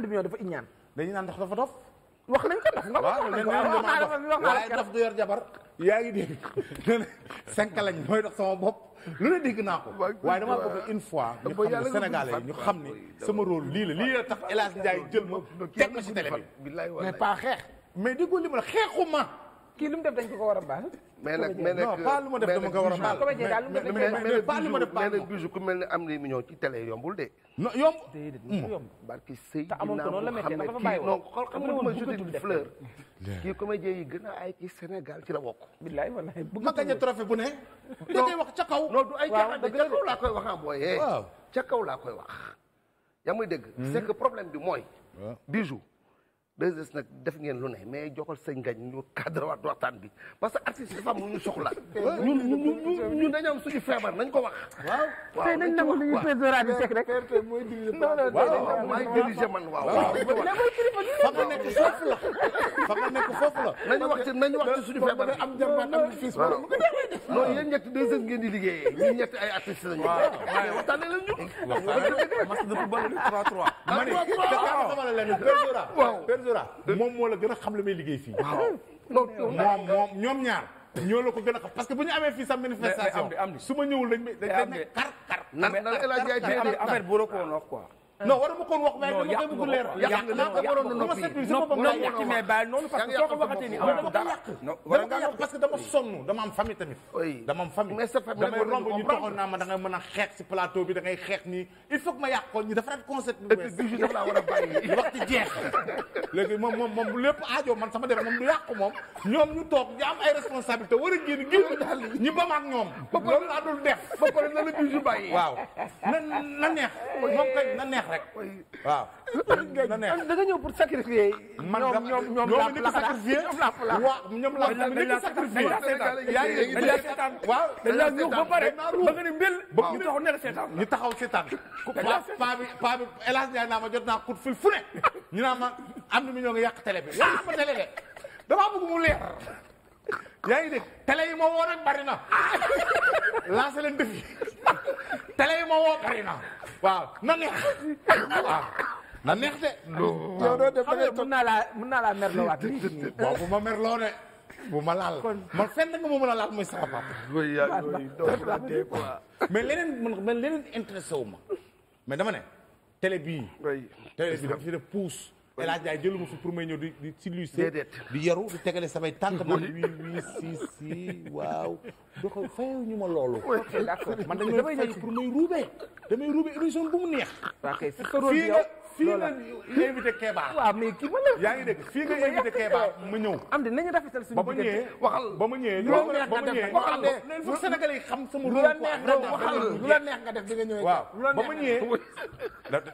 di ñëw dafa iñaan dañu naan ndax dafa dof wax nañ ko dof nga wax nañ ko wax nañ waaye dof du yor jabar sama bopp lu ne dégg naa ko waaye damaa bëgg une fois ñu xam ne sénégalais ñu xam ne sama rôle lii la lii la tax El Hadj jël ma teg ma si télé bi mais pas xeex mais déggoo li ma la xeexuma. kii lu mu def dañ ko war a baal. mais nag mais nag non pas lu ma def dama ko war a baal. mais mais pas lu ma def baal mais nag bisu ku mel ne am na émission ci télé yombul de. non yomb. déedéet mu hmm. yomb. barki sëy te amoon ko noonu la méttee dafa bàyyi woon xam nga ma jeté une fleur. kii comédien yi gën a ay ci Sénégal ci la bokk. bilaay wallaay bu ma gagné trophée bu ne. da ngay wax ca kaw. non du ay caaxaan de ca kaw laa koy wax ah booyee. Eh. waaw ca kaw laa koy wax. yaa ngi may dégg. Hmm. c'est que problème bi mooy. bijou 2S nag def ngeen lu ne mais joxal sëñ gañ ñu cadre waat waxtaan bi parce que artiste dafa am lu ñu soxla. *laughs* ñun ñun ñun dañoo am suñu feebar nañ ko wax. waaw waaw tey nañ nangu li ñu président rajo Seck rek. non non waaw maa ngi diriger man waaw. waaw fa nga nekk foofu la fa nga nekk foofu la. nañu wax ci nañu wax ci suñu feebar am jàmbaar am fils borom non yéen ñetti 2S ngeen di liggéeyee ñun ñetti ay artiste lañu. waaw waxtaanee la ñu. waxtaanee la ñu. match de football 3-3. 3-3 waaw Dora moom moo la gën a xam li may liggéey fii. moom moom ñoom ñaar ñoo la ko gën a xam parce bu ñu amee fii sa manifestation su ma ñëwul dañ may dañ may kar kar. nan nan El Hadj Ndiaye affaire bu rëkkoon wax quoi. no waruma ko wax waaye dama koy naa ko waroon na noppi noppi noonu parce que nii amul dara dama ko yàq parce que dama sonn dama am famille tamit dama am famille damay romb ñu taxoon naa ma da ngay mën a xeex si plateau bi da ngay xeex nii il faut que ma yàq ko ñu dafa rek concept bi bees dafa laa war a bàyyi *laughs* waxtu jeex léegi moom moom moom lépp aajo man sama moom du yàq moom ñoom ñu toog ñu am ay responsabilité war a génn génn daal ñi laa dul def ba pare na la bisu bàyyi waaw na na neex rek. waaw. na neex da nga ñëw pour sacrifier. man ñoom ñoom ñoom la ñoom la sacrifier ñoom la la sacrifier. dañ la seetaan waaw dañ la ba pare ba nga ni mbel. waaw ñu seetaan ñu taxaw seetaan. dañ la seetaan paa naa ma jot naa coup fil fu ne. ñu ma am na mu ñoo ngi yàq télé bi. ma télé de damaa bëgg mu leer. yaa ngi dégg yi ma woo nag bari na *laughs* lancé leen *laughs* yi ma woo bari na na neex de. mun naa laa mun naa laa merloowaat. *laughs* bu ma merloo de bu ma laal man fenn nga ma a laal mooy sama papa. mais leneen man man leneen intéressé wu ma mais dama ne. bi daf fi def pousse. El Hadj Ndiaye jëluma fi pour may ñëw di di si luy di yaru di tegale samay tànk naan wii wii si si waaw *laughs* doxo fayu ñu ma loolu *laughs* man dañ damay ñëw pour may ruube damay ruube émission bu mu neex fii nga fii nga invité Kéba *laughs* waaw mais kii ma la yaa ngi dégg fii nga invité Kéba ma ñëw am di nañu rafetal suñu diggante waxal ba ma ñëwee ba ma ñëwee waxal de loolu foog Sénégalais yi xam sama lu la neex nga waxal lu nga def di nga ñëwee waaw ba ma ñëwee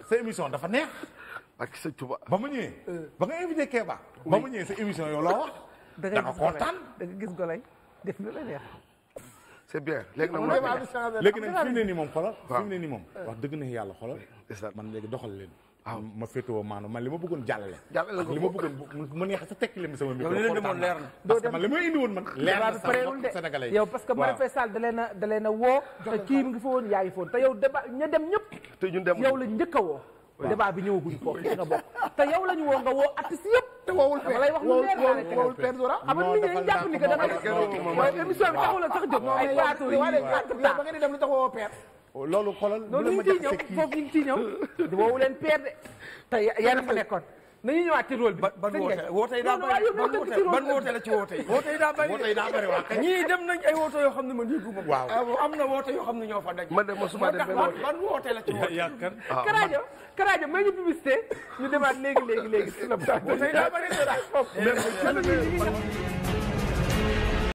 sa émission dafa neex ak sëñ ba mu ñëwee. ba nga invité Kéba. ba mu ñëwee sa émission yow loo wax. *laughs* da gis Golaye léegi nag léegi ne nii moom xoolal. waaw ne nii moom. Euh. wax dëgg na yàlla xoolal. man léegi doxal leen. ma féetewoo maanaam man li ma bëggoon jàllale. li ma bëggoon mu neex sa tekki leen sama micro. yow a da leen a woo. te kii mi ngi fa woon yaa ngi fa dem ñëpp. te ñun la njëkk woo débat bi ñëwagul foofu ci nga bokk te yow la ñu woo nga woo artiste yëpp te woowul dama lay wax lu leer ni que dana waaye émission bi taxul a sax jóg ay plateau yi ba nga di dem lu tax woo Père oh, loolu xoolal loolu ñu ngi ñëw foofu ñu ngi ñëw *laughs* woowu leen Père de te yaa fa nekkoon nañu ñëwaat ci rôle bi. ban woote woote yi daa bëri ban woote ci woote yi. woote yi daa bëri woote dem nañ ay yoo xam ne man yëguma. waaw ah, am na woote yoo dem ban woote ci woote yi. Ah, Karajo Karajo may ñu publicité ñu demaat léegi léegi léegi. woote yi daa bëri